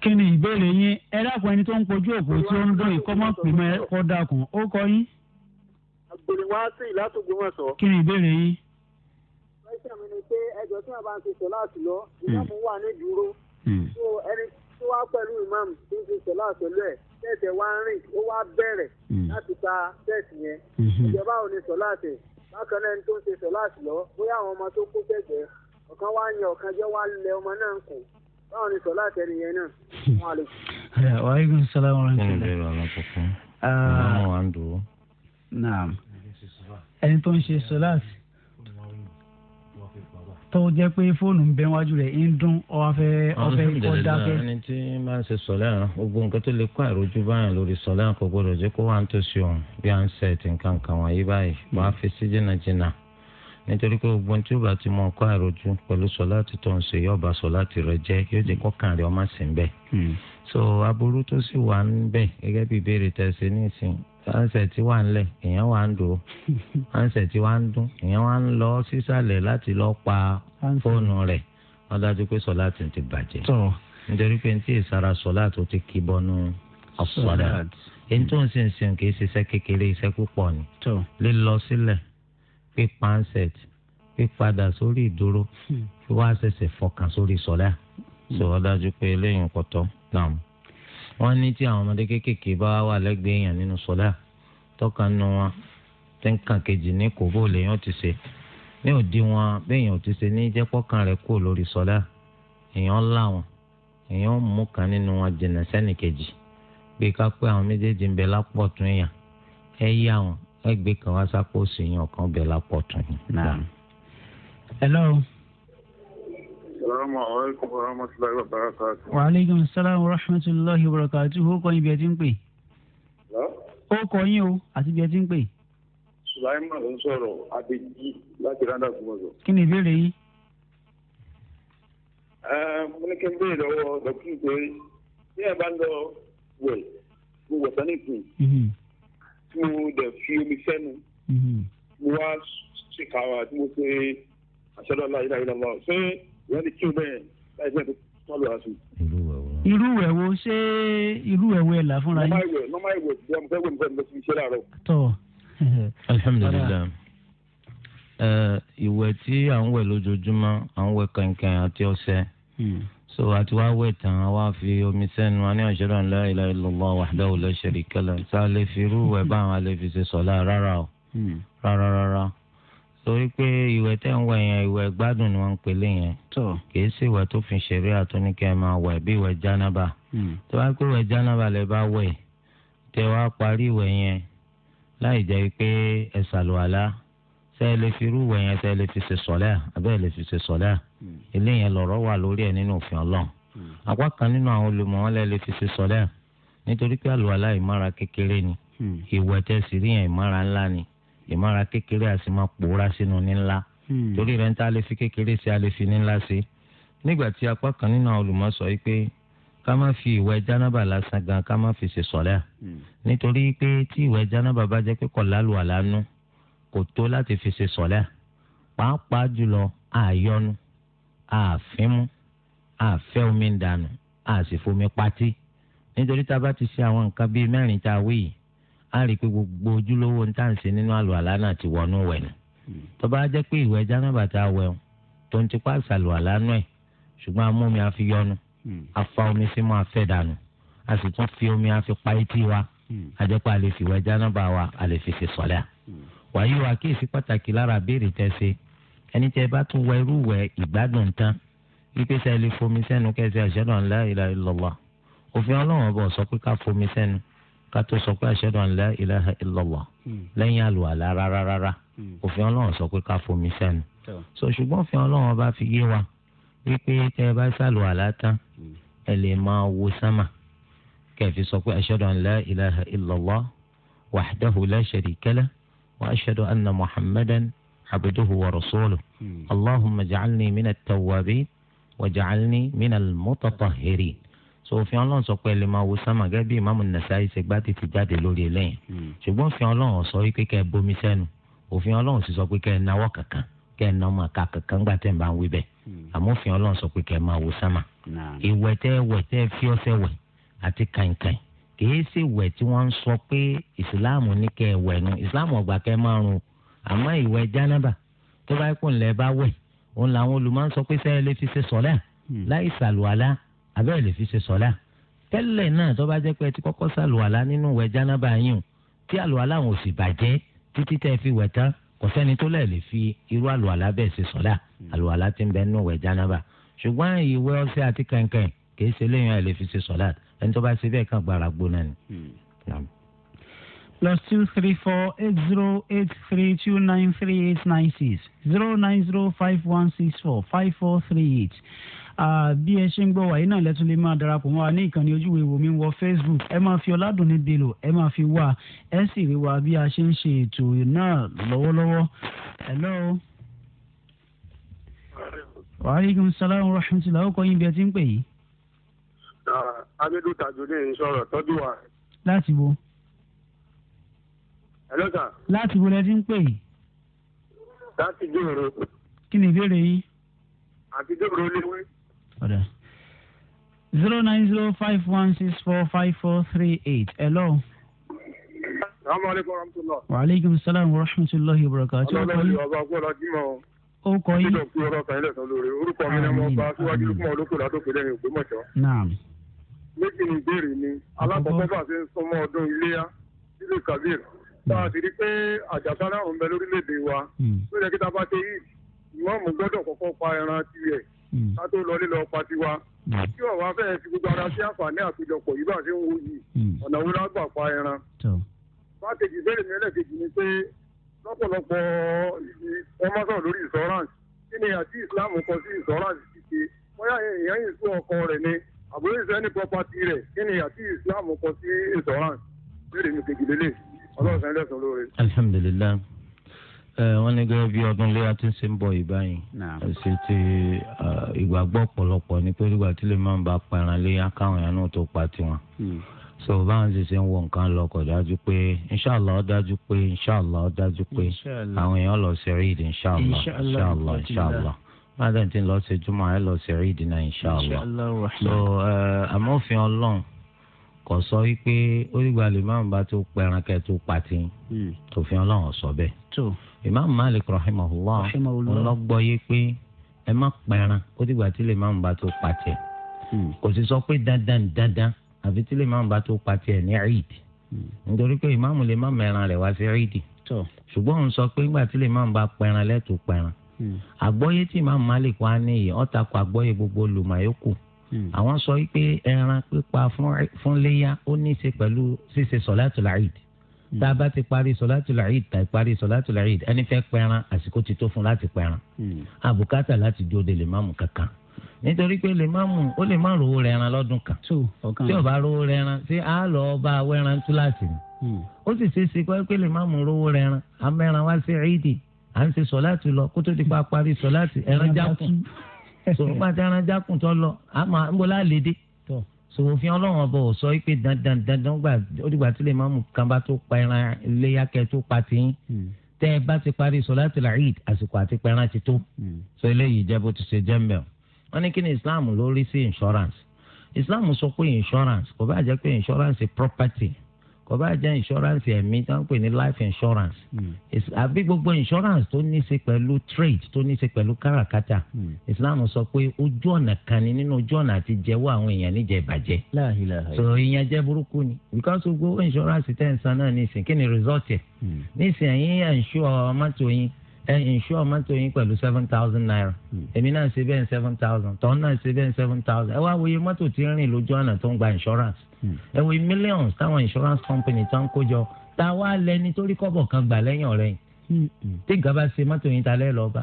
kí ni ìbéèrè yín ẹ dákun ẹni tó ń kojú òkú tí ó ń dún ìkọ́mọ́ pìmọ̀ ẹ kọ́ dákun ó kọ yín. àgbèrè wá sí ìlàtúgbòmọ̀sọ. kí ni ìbéèrè yín question mi ni pé ẹjọ́ tí wọ́n bá ń ṣe sọ́láàtì lọ hmm. ìmáàmù wà ní dúró hmm. so ẹni tó wá pẹ̀lú ìmáàmù tó ń ṣe sọ́láàtì lọ ẹ̀ tẹ̀sẹ̀ wá ń rìn ó wá bẹ̀rẹ̀ hmm. láti ta tẹ̀sì yẹn ìjọba ò ní sọ́láàtì bákan náà ẹni tó ń ṣe sọ́láàtì lọ bóyá àwọn ọmọ tó kó tẹ̀sẹ̀ ọ̀kan wá yan ọ̀kan jẹ́ wá lẹ ọmọ náà kù báwo ni sọ́láàtì ẹni yẹn náà ah. ẹni tó ń ṣe sọ́láàtì tó jẹ́ pé fóònù ń bẹ wájú rẹ̀ ń dún ọ̀fẹ́ ọ̀fẹ́ kọ́ dákẹ́. ẹni tí máa ń ṣe sọ̀lá gbogbo nǹkan tó lè kó àìrójú báyìí lórí sọ̀lá kò gbọdọ̀ jẹ́ kó wà ń tòṣì ọ̀hún bí à ń ṣẹ̀ tí nǹkan kan wọ̀nyí báyìí wàá fi sí jìnnàjìnnà nítorí pé gbogbo tí ó bá ti mọ ọkọ àròjù pẹ̀lú sọlá títọ̀ ń ṣe yóò bá sọlá ti rẹ jẹ́ yóò jẹ́ kọ́kàn rẹ̀ ọmọ sí ń bẹ̀. Hmm. so aburú tó sì wà ń bẹ̀ gẹ́gẹ́ bí ìbéèrè tẹ̀ ní ìsìn ansẹ̀tì wà ńlẹ̀ èèyàn wà ń dùn ansẹ̀tì wà ń dún èèyàn wà ń lọ sísàlẹ̀ láti lọ pa fóònù rẹ̀ wọ́n dájú pé sọlá ti ti bàjẹ́ nítorí pé ní tí ìsara sọlá tó ti kí bọ́nú ọ̀sọ̀dà èyí tó ń sìn sìn kì í ṣiṣẹ́ kékeré iṣẹ́ púpọ̀ ni lílọ sílẹ̀ pípa ansẹ̀tì pípadà sórí ìdúró hmm. wọ́n á ṣẹ̀ṣẹ̀ fọkàn sórí sọlá ṣòwò hmm. dájú pé eléyìí ń pọ̀tọ́ náà. wọ́n ní tí àwọn ọmọdé kéékèèké bá wà lẹ́gbẹ̀ẹ́ nínú sọlá tọ́ka nù wọn tẹ́ ń kàn kejì ní kò bó lèèyàn ti ṣe ní òdi wọn béèyàn ti ṣe ní kan rẹ̀ lórí sọlá èèyàn nínú wọn jìnnà sẹ́nì kejì ká pé àwọn méjèèjì ń bẹ lápọ̀ tún kan wá sápò sí kan bẹ lápọ̀ tún. Assalamu alaikum warahmatullahi wabarakatuh. Wa alaikum assalam warahmatullahi wabarakatuh. Ó kọ́ yín bí ẹ ti ń pè. Ó kọ́ yín o àti bí ẹ ti ń pè. Sùláìmọ̀ ló ń sọ̀rọ̀ Adéjì láti Rádà Kúmọ̀sọ̀. Kí ni ìbéèrè yìí? Mo ní kí n béèrè lọ́wọ́ Dọ̀kítì pé bí ẹ bá ń lọ wẹ̀, mo wọ̀ sani kùn. Tí mo dẹ̀ fi omi sẹ́nu. Mm-hmm. Mo wá ṣèkàwà tí mo ṣe àṣẹ lọ́la ìlà ìlà lọ. Ṣé ìyẹn lè kí o bẹ́ẹ̀ láì fẹ́ tó tọ́lù àṣù. irú ẹ̀ wo ṣé irú ẹ̀ wo ẹ̀ là fúnra yín. nọ́mà ìwẹ̀ bí wọ́n fẹ́ wẹ̀ nípa ìgbésí iṣẹ́ láàárọ̀. tọ́ alhamdulilayi ìwẹ̀ tí à ń wẹ̀ lójoojúmọ́ à ń wẹ̀ kànkàn àti ọṣẹ hmm. so àti wá wẹ̀ tán a wá fi omi sẹ́nu a ní ashhadu an la ilaha illallah wahdahu la sharika lah sá lè fi irú ẹ̀ báwọn a lè fi ṣe sọ̀lá rárá o hmm. rárá rárá torí pé ìwẹ̀ tẹ́ ń wẹ̀ yẹn ìwẹ̀ gbádùn ni wọ́n ń pèlè yẹn kì í sì ìwẹ̀ tó fi ṣeré àtúnikẹ́ máa wẹ̀ bí ìwẹ̀ jánábà hmm. tó bá pé ìwẹ̀ jánábà lè bá wẹ̀ tẹ́ wá parí ìwẹ̀ yẹn láì jẹ́ pé ẹ ṣàlùwàlá tẹ́ ẹ lè fi irú ìwẹ̀ yẹn tẹ́ ẹ lè fi ṣe sọ̀lẹ́ àbẹ́ ẹ lè fi ṣe sọ̀lẹ́ hmm. eléyẹn lọ̀rọ̀ wà lórí ẹ̀ nínú òfin ọlọ́run hmm. apá kan nínú àwọn olùmọ̀ wọn lè fi ṣe sọ̀lẹ́ nítorí pé àlùwàlá ìmára kékeré ni ìwẹ̀ tẹ́ sì rí ìmọ̀ra kékeré a sì máa pòórá sínú nílá hmm. torí rẹ̀ ń tá a lè fi kékeré sí a lè fi nílá sí nígbà tí apá kan nínú àwọn olùmọ̀ sọ pé ká má fi ìwẹ̀ jánábà lásán gan ká má fi ṣe sọ̀lẹ́ à hmm. nítorí pé tí ìwẹ̀ jánábà bá jẹ́ pé kò lálùwàlá nù kò tó láti fi ṣe sọ̀lẹ́ pàápàá jùlọ àyọnu àfimú àfẹ́ omi dànù àsìfomi patí nítorí tá a bá ti ṣe àwọn nǹkan bíi mẹ́rin tá a wí yìí á rí i pé gbogbo ojúlówó ń tàǹsí nínú àlùwàlá náà ti wọnú wẹ̀ nù tó bá jẹ́ pé ìwẹ̀ jánábà tá a wẹ̀ o tó ń tipa àṣàlùwàlá nù ẹ̀ ṣùgbọ́n amómi àfi yọnu afa omi sí máa fẹ́ dànù a sì tún fi omi àfi pa etí wa àjẹpọ̀ àlè fi ìwẹ̀ jánábà wa àlè fi ṣe sọ̀lẹ́ à wàyí wa kíyèsí pàtàkì lára béèrè tẹ́sẹ̀ ẹni tẹ́ bá tún wẹ̀ irú wẹ̀ ìgbádùn tán wípé sẹ́ẹ̀ fomi sẹ́nu kẹ́sì àṣẹ náà la òfin ọlọ́run ọba ọ̀sọ́ pé ká fomi sẹ́nu ká tó sọ pé ashadu an la ilaha illallah lẹ́yìn àlùwàlá àlà ọlọ́run sọ pé ká fomi sẹ́nu so ṣùgbọ́n òfin ọlọ́run bá fi yé wa wípé tẹ́ ẹ bá àlá tán ẹ lè máa wo sámà kẹfì sọ pé ashadu an la ilaha illallah wahdahu la sharika lah wa ashadu ana muhammadan abduhu wa rasuluhu allahumma ja'alni mina tawabi tawwabin wa ja'alni mina al-mutatahhirin. sòfin ọlọ́run sọ pé ẹ lè máa wo sámà gẹ́gẹ́ bí ìmáàmù Nasa'i ṣe gbá tètè jáde lórí eléyìí hmm. ṣùgbọ́n òfin ọlọ́run sọ wípé kẹ́ ẹ bomi sẹ́nu òfin ọlọ́run sì sọ pé kẹ́ ẹ náwó kankan kẹ́ ẹ náwó màkà kankan gbà tẹ̀ ń bá ń wí bẹ́ẹ̀ hmm. àmọ́ òfin ọlọ́run sọ pé kẹ́ ẹ máa wo sámà ìwẹ̀ tẹ́ wẹ̀ tẹ́ fi ọṣẹ wẹ̀ àti kàìnkàìn kìí ṣe wẹ̀ tí wọ́n ń sọ pé ìsìláàmù ní abẹ́rẹ́ lè fi ṣe sọ́lá tẹ́lẹ̀ náà tó bá jẹ́ pé ti kọ́kọ́ sàlùwàlá nínú ìwẹ̀ jánábà yín o tí àlùwàlá àwọn òsì bàjẹ́ títí tẹ́ fi wẹ̀ tán kò sẹ́ni tó lẹ̀ lè fi irú àlùwàlá bẹ́ẹ̀ ṣe sọ́lá àlùwàlá ti ń bẹ nínú ìwẹ̀ jánábà ṣùgbọ́n ìwẹ̀ ọṣẹ àti kẹ̀kẹ́ kìí ṣe léyìn ẹ̀ lè fi ṣe sọ́lá ẹni tó bá ṣe bẹ́ẹ̀ kàn gbára gbóná ni. Hmm. plus two three four eight zero eight three two nine three eight nine six zero nine zero five one six four five four three eight bí ẹ ṣe ń gbọ́ wàyí náà lẹ́tún lè máa darapọ̀ mọ́ wa ní ìkànnì ojúwe wo mi wọ facebook ẹ máa fi ọ̀làdùnní belò ẹ máa fi wá ẹ sì rí wa bí a ṣe ń ṣe ètò náà lọ́wọ́lọ́wọ́. hello. wa alaikum salaam wa rahmatullahi ó kọ́ yín bí ẹ ti ń pè yìí. amílù tajudeen ń sọ̀rọ̀ tọ́jú wa. láti wo. hello sir. láti wo lẹ ti ń pè yìí. láti dèrò. kí ni ìbéèrè yín. àti dèrò léwé. ọ̀dà zero nine hello. wa rahmatulahi wa barakatu. ọlọ́run ni o. ó kọ yín. ìjọba kúrò ọkàn ilé lórí orúkọ mi náà mo bá síwájú kúmọ̀ méjì ni ìbéèrè mi alákọ̀ọ́kọ́ bá ṣe ń sọmọ ọdún iléyà Hmm. ká tó lọ nílọ pati wa tí hmm. ọ̀wá fẹ́ẹ́ fi gbogbo ara sí àǹfààní àpéjọpọ̀ yìí bá ṣe ń wo yìí hmm. ọ̀nà wo la gbà pa ẹran. pàtẹ́jì bẹ́ẹ̀ ni ẹlẹ́kejì ni pé lọ́pọ̀lọpọ̀ wọ́n máa sọ̀rọ̀ lórí insurance kí ni àti Islam kọ sí insurance ṣíṣe bóyá èèyàn yìí sún ọkọ rẹ̀ ni àbúrò ìṣẹ́ ní property rẹ̀ kí ni àti Islam kọ sí insurance bẹ́ẹ̀ ni kejì lélẹ̀ ọlọ́run sẹ́ńdẹ̀sán lóore. alhamdulilayi. Eh, wọ́n ní gẹ́gẹ́ bí ọdún léyà tí ń ṣe ń bọ̀ yìí báyìí ṣe ti eh, ìgbàgbọ́ ọ̀pọ̀lọpọ̀ ní pé nígbà tí lè máa ń bá pẹran léyà káwọn èèyàn náà tó pa tiwọn. Hmm. so báwọn ṣe ṣe ń wo nǹkan lọ kò dájú pé inṣàlá ó dájú pé inṣàlá ó dájú pé àwọn èèyàn lọ sí rí ìdí inṣàlá inṣàlá inṣàlá mádàm tí ń lọ ṣe júmọ̀ ẹ lọ sí rí ìdí náà inṣàlá. so eh, àmọ́fin ọlọ́run kò sọ wípé ó dìgbà lè máa ń bá tó pẹran kẹ́ tó pa tí tòfin hmm. ọlọ́run sọ bẹ́ẹ̀ imam malik rahimahullah ọlọgbọ yé pé ẹ má pẹran ó dìgbà tí lè máa ń bá tó pàtẹ hmm. kò sì sọ pé dandan dandan àfi tí lè máa ń bá tó pàtẹ ní eid hmm. nítorí pé ìmáàmù lè má mẹran rẹ̀ wá sí eid ṣùgbọ́n òun sọ pé nígbà tí lè máa ń bá pẹran lẹ́tọ̀ọ́ pẹran hmm. àgbọ́yé tí imam malik wá níyì ó tako gbogbo olùmọ̀yókù àwọn sọ wípé ẹran pípa fún ó ní í ṣe pẹ̀lú ṣíṣe sọ̀látùl tá a bá ti parí sọláàtù làyíd tá a parí sọláàtù làyíd ẹni fẹ́ pẹran àsìkò ti tó fún láti pẹran àbùkátà hmm. láti de lè má mú kankan nítorí pé lè má mú ó lè má rówó rẹran lọ́dún kan tí ò bá rówó rẹran tí a lọ bá wẹran túláàsì ni hmm. ó sì ṣe ṣe pé lè má mú rówó rẹran amẹ́ran wá sí à ń ṣe lọ kó tó pa parí ẹran jákùn ẹran lọ sòwòfin ọlọ́run ọba ò sọ pé dandan dandan gbà ó dìgbà tí lè máa mú kan bá tó pa ẹran iléyàkẹ́ tó pa tí ń hmm. tẹ́ ẹ bá ti parí sọ̀láàtì làáyid àsìkò àti pẹran ti tó hmm. sọ eléyìí jẹ́ bó ti ṣe jẹ́ mbẹ́ wọ́n ní kí ni Islam lórí sí insurance Islam sọ pé insurance kò bá jẹ́ pé insurance property kò bá insurance ẹ̀mí tó ń pè ní life insurance hmm. àbí gbogbo insurance tó ní ṣe pẹ̀lú trade tó ní í ṣe pẹ̀lú káràkátà hmm. Islam sọ pé ojú ọ̀nà kan ni nínú ojú ọ̀nà àti jẹ́wọ́ àwọn èèyàn níjẹ̀ ìbàjẹ́ so ìyẹn jẹ́ burúkú ni because gbogbo insurance tẹ̀ ń san náà ní ìsìn kí ni result yẹ hmm. ní ìsìn ẹ̀yìn ẹ̀ ń ṣọ́ ọmọ tó yín ẹ insure mọ́tò yín pẹ̀lú seven thousand naira hmm. èmi náà ṣe bẹ́ẹ̀ seven thousand tọ́hún náà ṣe bẹ́ẹ̀ seven thousand ẹ wá wòye mọ́tò tí ń rìn lójú ọ̀nà tó ń gba insurance hmm. ẹ wòye millions táwọn insurance company tó ń kó jọ tá a wá lẹni torí kọ́bọ̀ kan gbà lẹ́yìn ọ̀rẹ́ yìí hmm. tí nǹkan bá ṣe mọ́tò yín ta lẹ́ lọ bá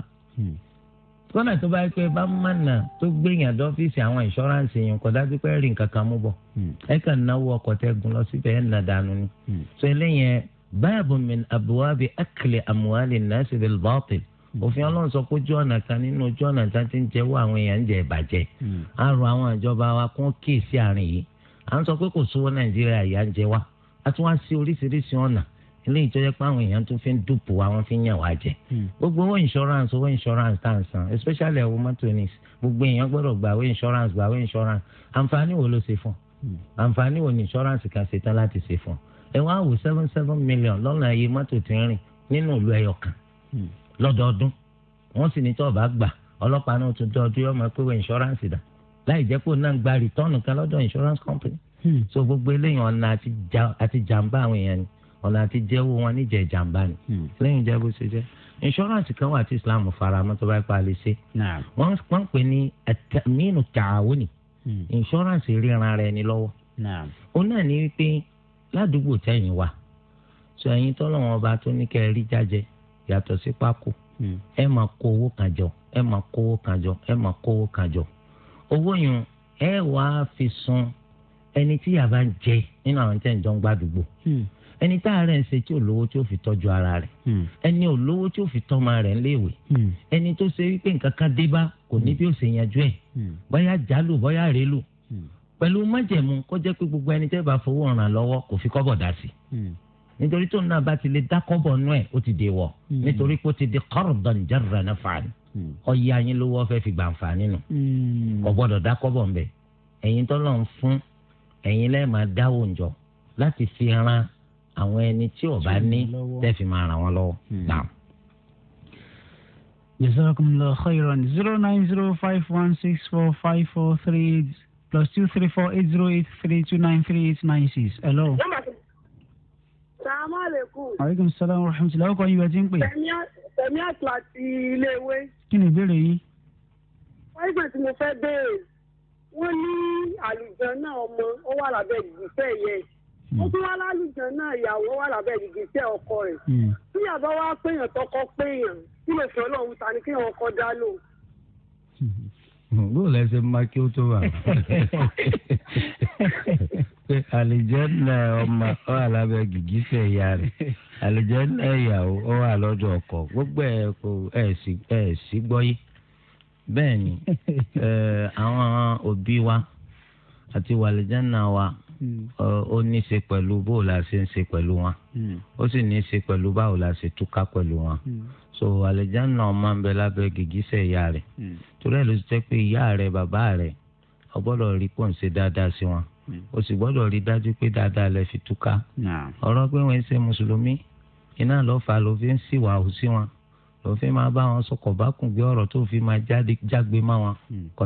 kọ́nà tó bá pẹ́ bá mọ̀nà tó gbìyàn dọ́fíìsì àwọn insurance yẹn kọ́ dájú pé rìn kankan mú bọ̀ ẹ kàn náwó ọkọ̀ tẹ́gun lọ síbẹ̀ ẹ̀ nà dànù ni so eléyẹn báàbù min abuwaabi akele amuwaali nasi bil baatil òfin ọlọ́run sọ pé ojú ọ̀nà kan nínú ojú ọ̀nà tá ti ń jẹ wọ àwọn èèyàn ń jẹ ìbàjẹ́ á hmm. rọ àwọn ìjọba wa kún kíyèsí àárín yìí à ń sọ pé kò sówó nàìjíríà ìyà ń jẹ wá a tún wá sí oríṣiríṣi ọ̀nà eléyìí tó yẹ pé àwọn èèyàn tún fi ń dùpò àwọn fi ń yàn wá jẹ hmm. gbogbo owó insurance owó insurance tá à ń san especially ẹ̀wọ̀n motonis gbogbo èèyàn gbọ́dọ̀ gba owó insurance gba owó insurance àǹfààní wo ló ṣe fún hmm. àǹfààní wo ni insurance kan ṣe fún ẹ wá wò seven seven million lọ́nà iye mọ́tò tí ń rìn nínú ìlú ẹyọ kan hmm. lọ́dọọdún wọ́n sì ní tí ọba gbà ọlọ́pàá náà tún dọ́ọdún yọ máa pẹ́wọ́ insurance dà láì jẹ́ pé ó náà gba rìtọ́ọ̀nù kan lọ́dọ̀ insurance company hmm. so gbogbo eléyìí ọ̀nà àti jàǹbá àwọn èèyàn ni ọ̀nà àti jẹ́wọ́ wọn níjẹ̀ jàǹbá ni hmm. lẹ́yìn jẹ́ bó ṣe jẹ́ insurance kan wà tí islam faramọ́ tó bá pa lè ṣe wọ́n ń pè ní àtàmínú ni. insurance ríran ara ẹni lọ́wọ́ ó náà ní wípé ládùúgbò tẹ̀yìn wa sọ ẹ̀yin tọ́lọ́wọ́n ọba tó ní kẹ́ ẹ rí jájẹ yàtọ̀ sí pákó hmm. ẹ máa kó owó kan jọ ẹ máa kó owó kan jọ ẹ máa kó owó kan jọ owó yun ẹ wàá fi san ẹni tí yàrá ń jẹ nínú àwọn tẹ̀ ń jọ ń gbàdúgbò hmm. ẹni tá a rẹ̀ ń ṣe tí olówó tí ó fi tọ́jú ara rẹ̀ hmm. ẹni olówó tí ó fi tọ́mọ rẹ̀ ń léèwé ẹni tó ṣe wípé nǹkan kan dé bá kò ní bí ó ṣe yanjú ẹ̀ bóyá jálù bóyá rélù pẹ̀lú májẹ̀mú kó jẹ́ pé gbogbo ẹni tẹ́ bá fowó ràn lọ́wọ́ kò fi kọ́bọ̀ dá sí hmm. nítorí tó náà bá ti lè dá kọ́bọ̀ nú ẹ̀ ó ti dè wọ̀ hmm. nítorí pé ó ti di qardan jarra naf'an ọyẹ hmm. anyin lówó fẹ́ fi gbàǹfà nínú kò gbọ́dọ̀ dá kọ́bọ̀ ń bẹ̀ ẹ̀yin tọ́lọ̀ ń fún ẹ̀yin lẹ́ẹ̀ máa dáwò ń láti fi ran àwọn ẹni tí ò bá ní tẹ́ fi máa ràn wọ́n lọ́wọ́ náà. jazakumullahu khairan zero nine zero five one six four five four three plus two three four eight zero eight three two nine three eight nine six. hello. salaamaleykum. aleykum salaam wa rahmatulah. ọkọ yìí wẹ́n ti ń pè. tẹ̀mí àtọ̀ àti iléèwé. kí ni ìbéèrè yìí. wọ́n gbè tí mo fẹ́ béèrè wọ́n ní àlùjọ náà ọmọ ó wà lábẹ́ ìgbésẹ̀ yẹn hmm. ó tún wá lálùjọ náà ìyàwó wà lábẹ́ ìgbésẹ̀ ọkọ rẹ̀ hmm. tí yàrá wa péyàn tọkọ péyàn kí lè fẹ́ ọlọ́run ta ni kí wọ́n kọ́ lò bóò lẹsẹ máa kí ó tó wà pé àlìjẹ́nà ọmọ ọ alábẹ́ gìgísẹ̀ ìyá rẹ̀ àlìjẹ́nà ìyàwó ọ wà lọ́dọ̀ ọkọ gbogbo ẹ̀ kò ẹ̀ sì ẹ̀ sì gbọ́yé bẹ́ẹ̀ ni àwọn òbí wa àti wàlìjẹ́nà wa hmm. ó ní í ṣe pẹ̀lú bóò la ṣe ń ṣe pẹ̀lú wọn hmm. ó sì ní ṣe pẹ̀lú báwo la túká pẹ̀lú wọn. Hmm so àlìjáná máa ń bẹ lábẹ́ gègísẹ̀ ìyá rẹ̀ hmm. torí ẹ̀ ló jẹ́ pé ìyá rẹ̀ bàbá rẹ̀ ó gbọ́dọ̀ rí pọ̀ ń ṣe dáadáa sí wọn hmm. o sì gbọ́dọ̀ rí dájú pé dáadáa lẹ fi túká ọ̀rọ̀ pé wọ́n ń ṣe mùsùlùmí iná lọ́fà ló fi ń sìwà hù sí wọn ló fi máa bá wọn sọkọ̀ bá kùn gbé ọ̀rọ̀ tó fi máa jágbe má wọn hmm. kò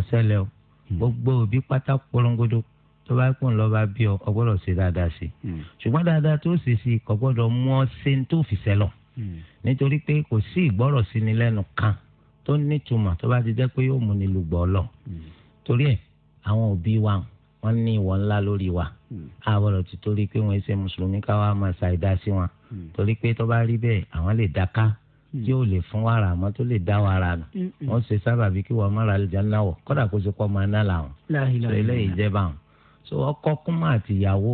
o gbogbo òbí pátá polongodo tó bá kún lọ bá bí ọ ó gbọ́dọ̀ ṣe dáadáa sí ṣùgbọ́n dáadáa tó sì sí kò gbọ́dọ̀ mú ọ ṣe tó fi sẹ́lọ̀ nítorí pé kò sí ìgbọ́rọ̀ sí ni lẹ́nu kan tó nítumọ̀ tó bá ti jẹ́ pé yóò mú ni lùgbọ́ ọlọ́ torí ẹ̀ àwọn òbí wa wọ́n ní ìwọ̀ ńlá lórí wa àbọ̀rọ̀ ti torí pé wọ́n ṣe mùsùlùmí káwa máa ṣàìdá sí wọn torí pé tó bá rí bẹ́ẹ̀ àwọn lè dáká tí o lè fún wàrà àmọ́ tó lè dá wàrà nù wọ́n ṣe sábà bíi kí wọ́n má ra àlùjáná wọ̀ kódà kó ṣe kọ́ máa ná làwọn so eléyìí jẹ́ báwọn so ọkọ kúmọ̀ àtìyàwó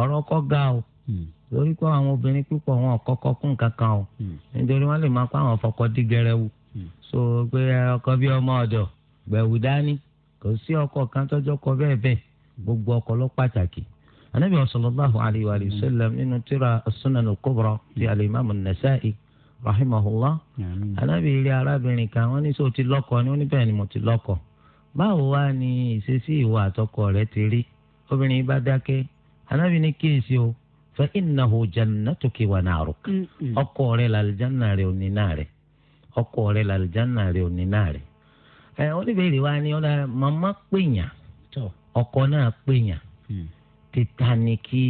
ọ̀rọ̀ kọ́ ga o hmm lórí pé àwọn obìnrin púpọ̀ wọn kọ́kọ́ kún kankan o hmm. nítorí wọ́n lè máa pa àwọn fọkọ dí gẹrẹwu hmm. so pé ọkọ bí ọmọ ọ̀dọ̀ gbẹ̀wù dání kò sí ọkọ kan tọ́jọ́ kọ bẹ́ẹ̀ bẹ́ẹ̀ gbogbo ọkọ ló pàtàkì anabi sallallahu alayhi wa sallam nínú tírà as-sunan ti al-imam an-nasa'i rahimahullah anabi ilé arábìnrin kan wọ́n ní sọ ti lọ́kọ ni wọ́n ní bẹ́ẹ̀ ni mo ti lọ́kọ báwo wá ni ìṣesí ìwà àtọkọ rẹ ti rí obìnrin bá dákẹ́ anabi ní kíyèsí o fa innahu jannatuki wa naruka ọkọ rẹ làlìjánà rẹ òní náà rẹ ọkọ rẹ làlìjánà rẹ òní náà rẹ ẹ oníbèrè wa ni ọlá mama pènyà ọkọ náà pènyà hm. títa ni kí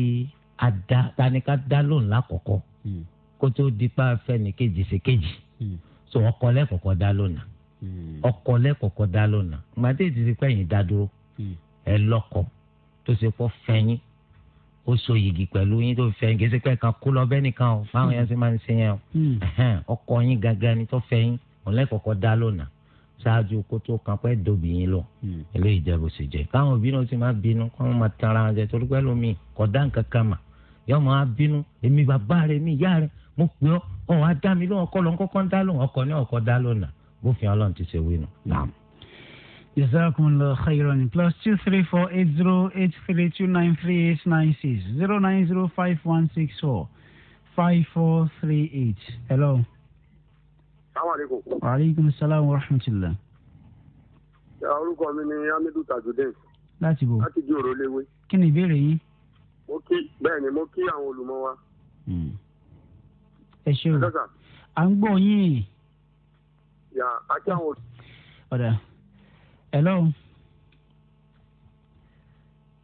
ada tani ká dá lóhùn lákọ̀ọ́kọ́ dipa hm. tó di pa kejì sí kejì hm. so ọkọ lẹ́kọ̀ọ́kọ́ dá lóhùn náà ọkọ lẹ́kọ̀ọ́kọ́ dá lóhùn náà gbàdé ti ti pẹ́yìn dá ẹ lọ́kọ tó ṣe kọ́ fẹ́yìn ó so yìgì pẹ̀lú yín tó fẹ́ gèsè pẹ́ kan kó lọ bẹ́ẹ̀ nìkan o báwọn hmm. yẹn ṣe máa ń ṣe yẹn o hmm. ọkọ yín gangan ni tó fẹ́ yín ọ̀lẹ́kọ̀ọ́kọ́ dá lónà ṣáájú kó tó kan pẹ́ dòbí yín lọ hmm. eléyìí jẹ́ bó ṣe jẹ́ káwọn òbí náà sì máa bínú káwọn máa tan ara jẹ torí pẹ́lú mi kò nǹkan kan mà yọ máa bínú èmi bàbá rẹ mi ìyá rẹ mo pè ọ ọ̀ wá mi lóhùn ọkọ lọ́nkọ́kọ́ ń dá lóhùn ọkọ ní ọkọ dá lónà bófin ọlọ́run ti ṣe wí nù jazakumullahu khairan plus two three four eight zero eight three two nine three eight nine six zero nine zero five one six four five four three eight. hello. salaamaleykum. waaleykum salaam wa rahmatulah. orúkọ mi ni hamidu tajudeen. láti bo. láti di òrò léwé. kí ni ìbéèrè yín. mo kí bẹ́ẹ̀ ni mo kí àwọn olùmọ̀ wa. Hmm. ẹ ṣé o à ń gbọ́ yín. yà á kí àwọn. ọ̀dà hello.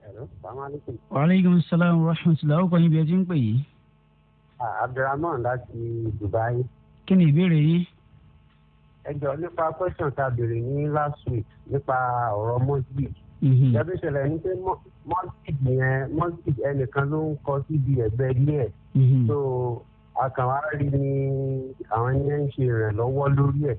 hello salaamaleykum. waaleykum salaam wa rahmatulah ọkọ yín bí ẹ ti ń pè yìí. Ah, abdulrahman láti dubai. kí ni ìbéèrè yín. ẹ jọ nípa question tá béèrè ní last week nípa ọ̀rọ̀ mosque. ìjọba mhm. ìṣẹ̀lẹ̀ ní pé mosque yẹn mosque ẹnìkan ló ń kọ síbi ẹ̀gbẹ́ ilé mhm. so àkànwárí ni àwọn yẹn ń ṣe ìrànlọ́wọ́ lórí ẹ̀.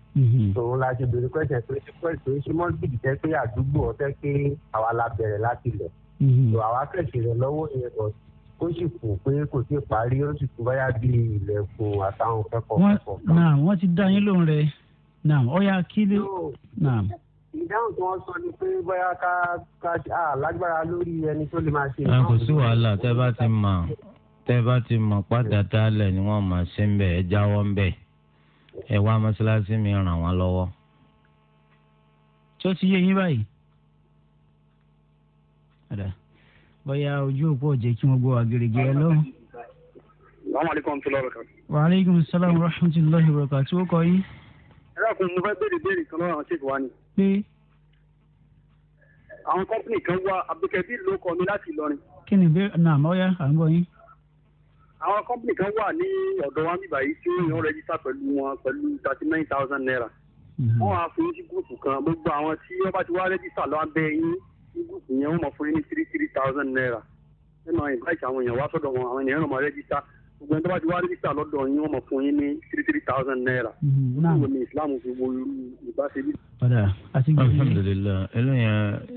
tòun mm-hmm. la ṣe bèrè pẹ̀sẹ̀ pé ṣé pẹ̀sẹ̀ ṣé mọ́sídìí tẹ́ pé àdúgbò ọ̀tẹ́ pé àwa la bẹ̀rẹ̀ láti lẹ̀. tò mm-hmm. àwa kẹ̀sẹ̀ rẹ̀ lọ́wọ́ yẹn bọ̀ ó sì kù pé kò sí parí ó sì kú báyà bí ilẹ̀kùn àtàwọn kẹ́kọ̀ọ́ kẹ́kọ̀ọ́ kan. náà wọ́n ti dá yín lóhùn rẹ̀ náà ó yá kí ló ìdáhùn tí wọ́n sọ ni pé bóyá ká ká lágbára lórí ẹni tó lè máa ṣe. tẹ́ ti mọ̀ padà dálẹ̀ ni wọ́n máa ṣe ń bẹ̀ ẹ jáwọ́ wá mọ́ṣáláṣí mi ràn wọ́n lọ́wọ́. tó ti yé yín báyìí. bóyá ojú òpó ọ̀jẹ̀ kí wọ́n gbọ́ àgèrègè ẹ lọ́wọ́. wa aleykum salaam wa rahmatulahi wa barakatuh tí ó ẹ dákun mo fẹ́ béèrè kan lọ́wọ́ àwọn ṣèkì ni. pé. àwọn kọ mi láti Ìlọrin. kí ni bẹ́ẹ̀ mọ́yá à ń àwọn kọ́mpìnì kan wà ní ọ̀dọ̀ wa níbà yìí tí wọ́n rẹ́jísà pẹ̀lú wọn pẹ̀lú thirty nine thousand naira. Mhm. wọ́n á fún yín sí gúrùpù kan gbogbo àwọn tí wọ́n bá ti wá rẹ́jísà lọ́wọ́ abẹ́ yín ní gúrùpù yẹn wọ́n mọ̀ fún yín ní three three thousand naira. ẹ máa invite àwọn èèyàn wá sọ́dọ̀ wọn àwọn èèyàn máa rẹ́jísà gbogbo ẹni tó bá ti wá rẹ́gísítà lọ́dọ̀ yín wọ́n mọ̀ fún yín ní three three thousand naira. olùwò mhm, ni islam fi wo ìbáṣepọ̀. padà àti gbèsè. alhamdulilayi eléyà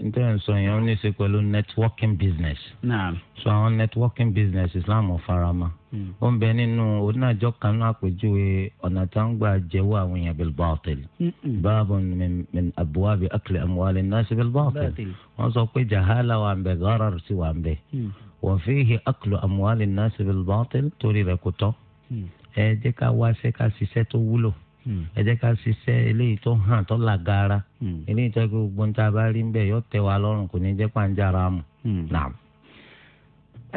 n tẹ́ ń sọ yẹn ó ní í ṣe pẹ̀lú networking business. naam. so àwọn networking business islam ò fara mọ́. Hmm. ó ń bẹ nínú onínájọ́ kan náà àpèjúwe ọ̀nà tó ń gbà jẹ́wọ́ àwọn èèyàn bil batil. báàbò min abwaabi akli amwali nasi bil batil. wọ́n sọ pé jahala wà ń bẹ gharar sí wà ń bẹ. Hmm. wa fihi aklu amwali nasi bil batil torí rẹ̀ kò tọ́ hmm. ẹ jẹ́ ká wá ṣe ká ṣiṣẹ́ tó wúlò hmm. ẹ jẹ́ ká ṣiṣẹ́ eléyìí tó hàn tó làgara hmm. eléyìí tó kí gbogbo níta bá rí bẹ́ẹ̀ yóò wa lọ́rùn kò ní jẹ́ pàǹjára mu.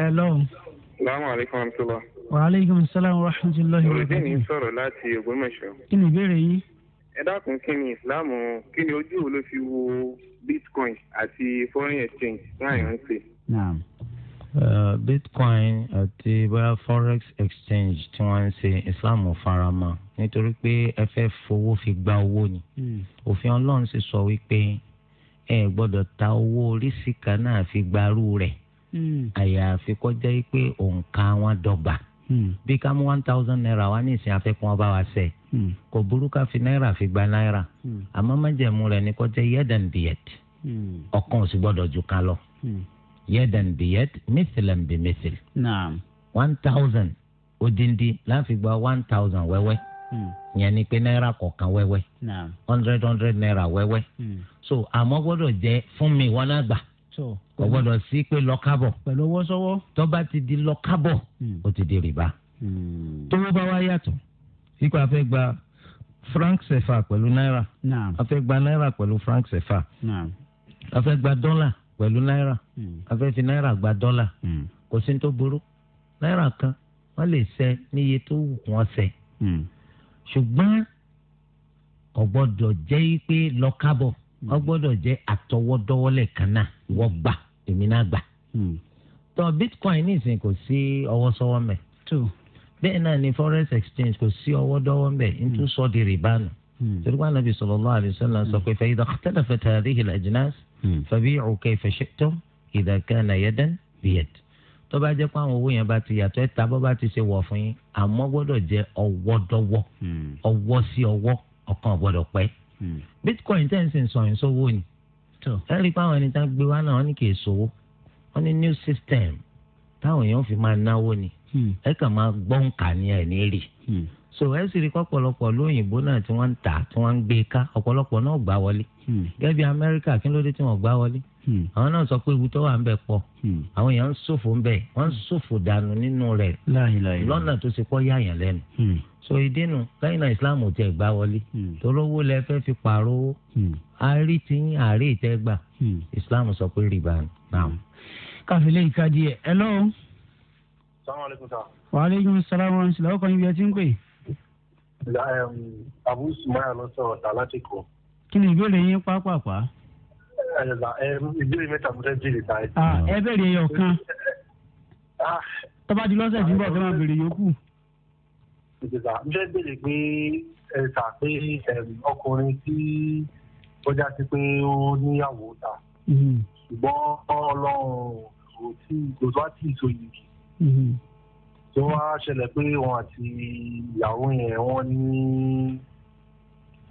ẹ salaamu aleykum wa aleykum salaam wa rahmatulahi fi wo bitcoin àti foreign exchange láàrin Uh, bitcoin àti bóyá forex exchange tí wọ́n ń ṣe islam farama nítorí pé ẹ fẹ́ fowó fi gba owó ni hmm. òfin ọlọ́run sì sọ wípé ẹ gbọ́dọ̀ ta owó oríṣìí kan náà fi gbarú rẹ̀ hmm. àyàfi kọjá pé òǹkà wọn dọ́gba hmm. bí ká mú one thousand naira wá ní ìsìn afẹ́kùn ọba wa sẹ́ẹ̀ kò burú ká fi náírà fi gba náírà àmọ́ májẹ̀mú rẹ̀ ní kó jẹ́ yẹ́dàn ò sì gbọ́dọ̀ ju kan lọ yadan bi yad mithlan bi mithl. naam. one thousand odindi láfi gba one thousand wẹ́wẹ́. ìyẹn ni pé náírà kọ̀ọ̀kan wẹ́wẹ́. naam. hundred hundred naira wẹ́wẹ́. so àmọ́ gbọ́dọ̀ jẹ́ fún mi wọn náà gbà. so kò gbọ́dọ̀ sí pé lọ́kàbọ̀. pẹ̀lú owó sọ́wọ́. tó bá ti di lọ́kàbọ̀ hmm. ó ti di rìbá. Hmm. tó bá wá yàtọ̀ ikú afẹ́ gba franc sefa pẹ̀lú náírà. naam. afẹ́ gba náírà pẹ̀lú franc sefa. naam. afẹ́ gba dọ́là pẹ̀lú náírà hmm. afẹ́ naira náírà gba dọ́là hmm. kò sí tó burú náírà kan wọ́n lè ṣẹ́ níye tó wù wọ́n ṣẹ́ hmm. ṣùgbọ́n kò jẹ́ pé lọ́kàbọ̀ wọ́n jẹ́ àtọwọ́dọ́wọ́lẹ̀ kan náà wọ́n gbà bitcoin nísìnyí kò sí ọwọ́ sọ́wọ́ mẹ́ bẹ́ẹ̀ náà ni forex exchange kò sí ọwọ́ dọ́wọ́ mẹ́ di torí wọn sọ pé Hmm. fabi'u kayfa shi'tum idha kana yadan biyad tó bá jẹ́ pé àwọn owó yẹn bá ti yàtọ̀ ẹ̀ ta bó bá ti ṣe wọ̀ fún yín àmọ́ gbọ́dọ̀ jẹ́ ọwọ́ dọ́wọ́ hmm. ọwọ́ sí ọwọ́ ọ̀kan gbọ́dọ̀ pẹ́ hmm. bitcoin tẹ́ ń sìn sọ̀yìn sówó ni ẹ rí i pé àwọn ẹni tá gbé wá náà wọ́n ní kì í sówó wọ́n ní new system táwọn èèyàn fi máa náwó ni ẹ kàn máa gbọ́ǹkà ní ẹ̀ ní rì so ẹ sì rí ọ̀pọ̀lọpọ̀ lóyìnbó náà tí wọ́n ń tà tí wọ́n ń gbé ká ọpọlọpọ náà gbà wọlé hmm. ló dé tí wọlé hmm. àwọn náà sọ pé ewu wà ń bẹ hmm. àwọn èèyàn ń ṣòfò ń bẹ ń dànù nínú rẹ so ìdínú lẹ́yìn islam ò tẹ̀ gbà wọlé lẹ fi owó àárí tí ń islam sọ pé rìbá náà. káfílẹ̀ lọ́wọ́. wàhálà sàlámù ọ̀hún ọkọ̀ ti ń pè abu sumaya ló sọ̀rọ̀ ta láti kọ. kí ni ìbéèrè yín pápápá. ìbéèrè mẹ́ta mo fẹ́ béèrè báyìí. ẹ bẹ̀rẹ̀ ẹyọ kan ah. tọ́ba di lọ́sẹ̀ tí ń bọ̀ fẹ́ máa béèrè yòókù. ìjọba mo fẹ́ béèrè pé ẹ̀ka pé ọkùnrin tí ó já sí pé ó níyàwó ta mm-hmm. ṣùgbọ́n ọlọ́run kò tí kò tó á tì tó wá ṣẹlẹ̀ pé wọn àti ìyàwó yẹn wọ́n ní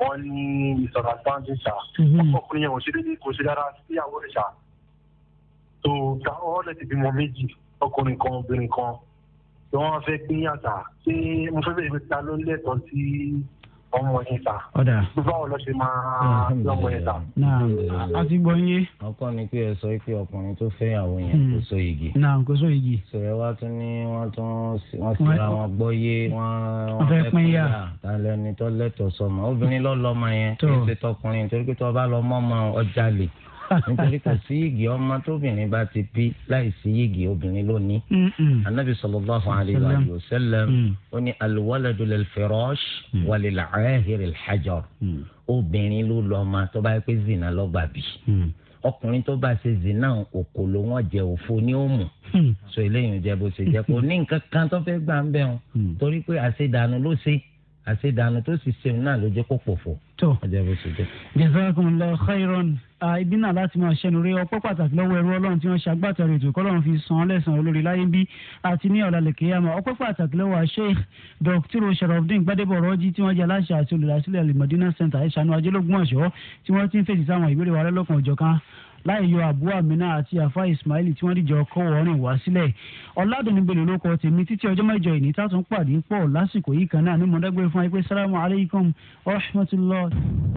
wọ́n ní ìsọ̀rọ̀ àtàǹtì ṣá mm-hmm. ọkùnrin yẹn kò ṣe déédéé kò ṣe dára síyàwó rẹ̀ ṣá tó ta ọ́lẹ̀ ti bímọ méjì ọkùnrin kan obìnrin kan tí wọ́n fẹ́ pín yàtà ṣé mo fẹ́ bẹ̀rẹ̀ ta ló lẹ́tọ̀ọ́ sí ọmọ yẹn ta. ọ̀dà báwo lọ ṣe máa lọ́mọ yẹn ta. náà a ti gbọ́ yín. ọkọ ni pé ẹ sọ pé ọkùnrin tó fẹ́ ìyàwó yẹn hmm. kò sọ igi. náà kò sọ igi. sọ̀rọ̀ wa tún ní wọ́n tún wọ́n síra wọn gbọ́ yé wọ́n fẹ́ pín yà. tàlẹ́ ni tọ́lẹ́tọ̀ sọmọ obìnrin lọ́ọ́ lọ́mọ yẹn kí n ṣe tọkùnrin torí pé tọ́ bá lọ mọ́ ọmọ ọjà lè. nítorí kò sí yìgì ọmọ tóbìnrin bá ti bí láì sí yìgì obìnrin lónìí. anabi sallallahu alayhi wa sallam mm. ó ní alwaladu lil firash mm. walil ahir al hajar mm. obìnrin ló lọ ọmọ tó bá yẹ pé zina lọ́gbà bí ọkùnrin tó bá ṣe zina òkò ló wọn jẹ òfo ní òmù so eléyìí jẹ bó ṣe jẹ kó ní nǹkan kan tó fẹ́ gbà ń bẹ̀ wọn torí pé àṣedànù ló ṣe àṣedànù tó sì ṣe náà ló jẹ́ kó pòfò. tó jazakumullahu khairan ibi náà láti máa ṣẹnu rí ọpẹ́ pàtàkì lọ́wọ́ ẹrú ọlọ́run tí wọ́n ṣe agbátẹrù ètò ìkọlọ́run fi san án lẹ́sàn-án olórí láyé bí àti ní ọ̀làlẹ̀ kéyàmọ̀ ọpẹ́ pàtàkì lọ́wọ́ sheikh dr sharafdin gbadebo rọ́jí tí wọ́n jẹ́ aláṣẹ àti olùdásílẹ̀ alimọ̀dínà center ìṣànú ajẹ́lógún ọ̀ṣọ́ tí wọ́n ti ń fèsì sáwọn ìbéèrè wa lọ́lọ́kan òjọ̀kan láì yọ àbú àmínà àti àfa ismail tí wọ́n dìjọ kọ́ ọ̀rìn wá sílẹ̀ ọ̀làdùnúgbèlè lóko tèmi títí ọjọ́ mẹ́jọ ìní tàtún pàdé pọ̀ lásìkò yìí kan náà ní mọ̀dẹ́gbẹ́ fún wa pé sálámù alaykum wa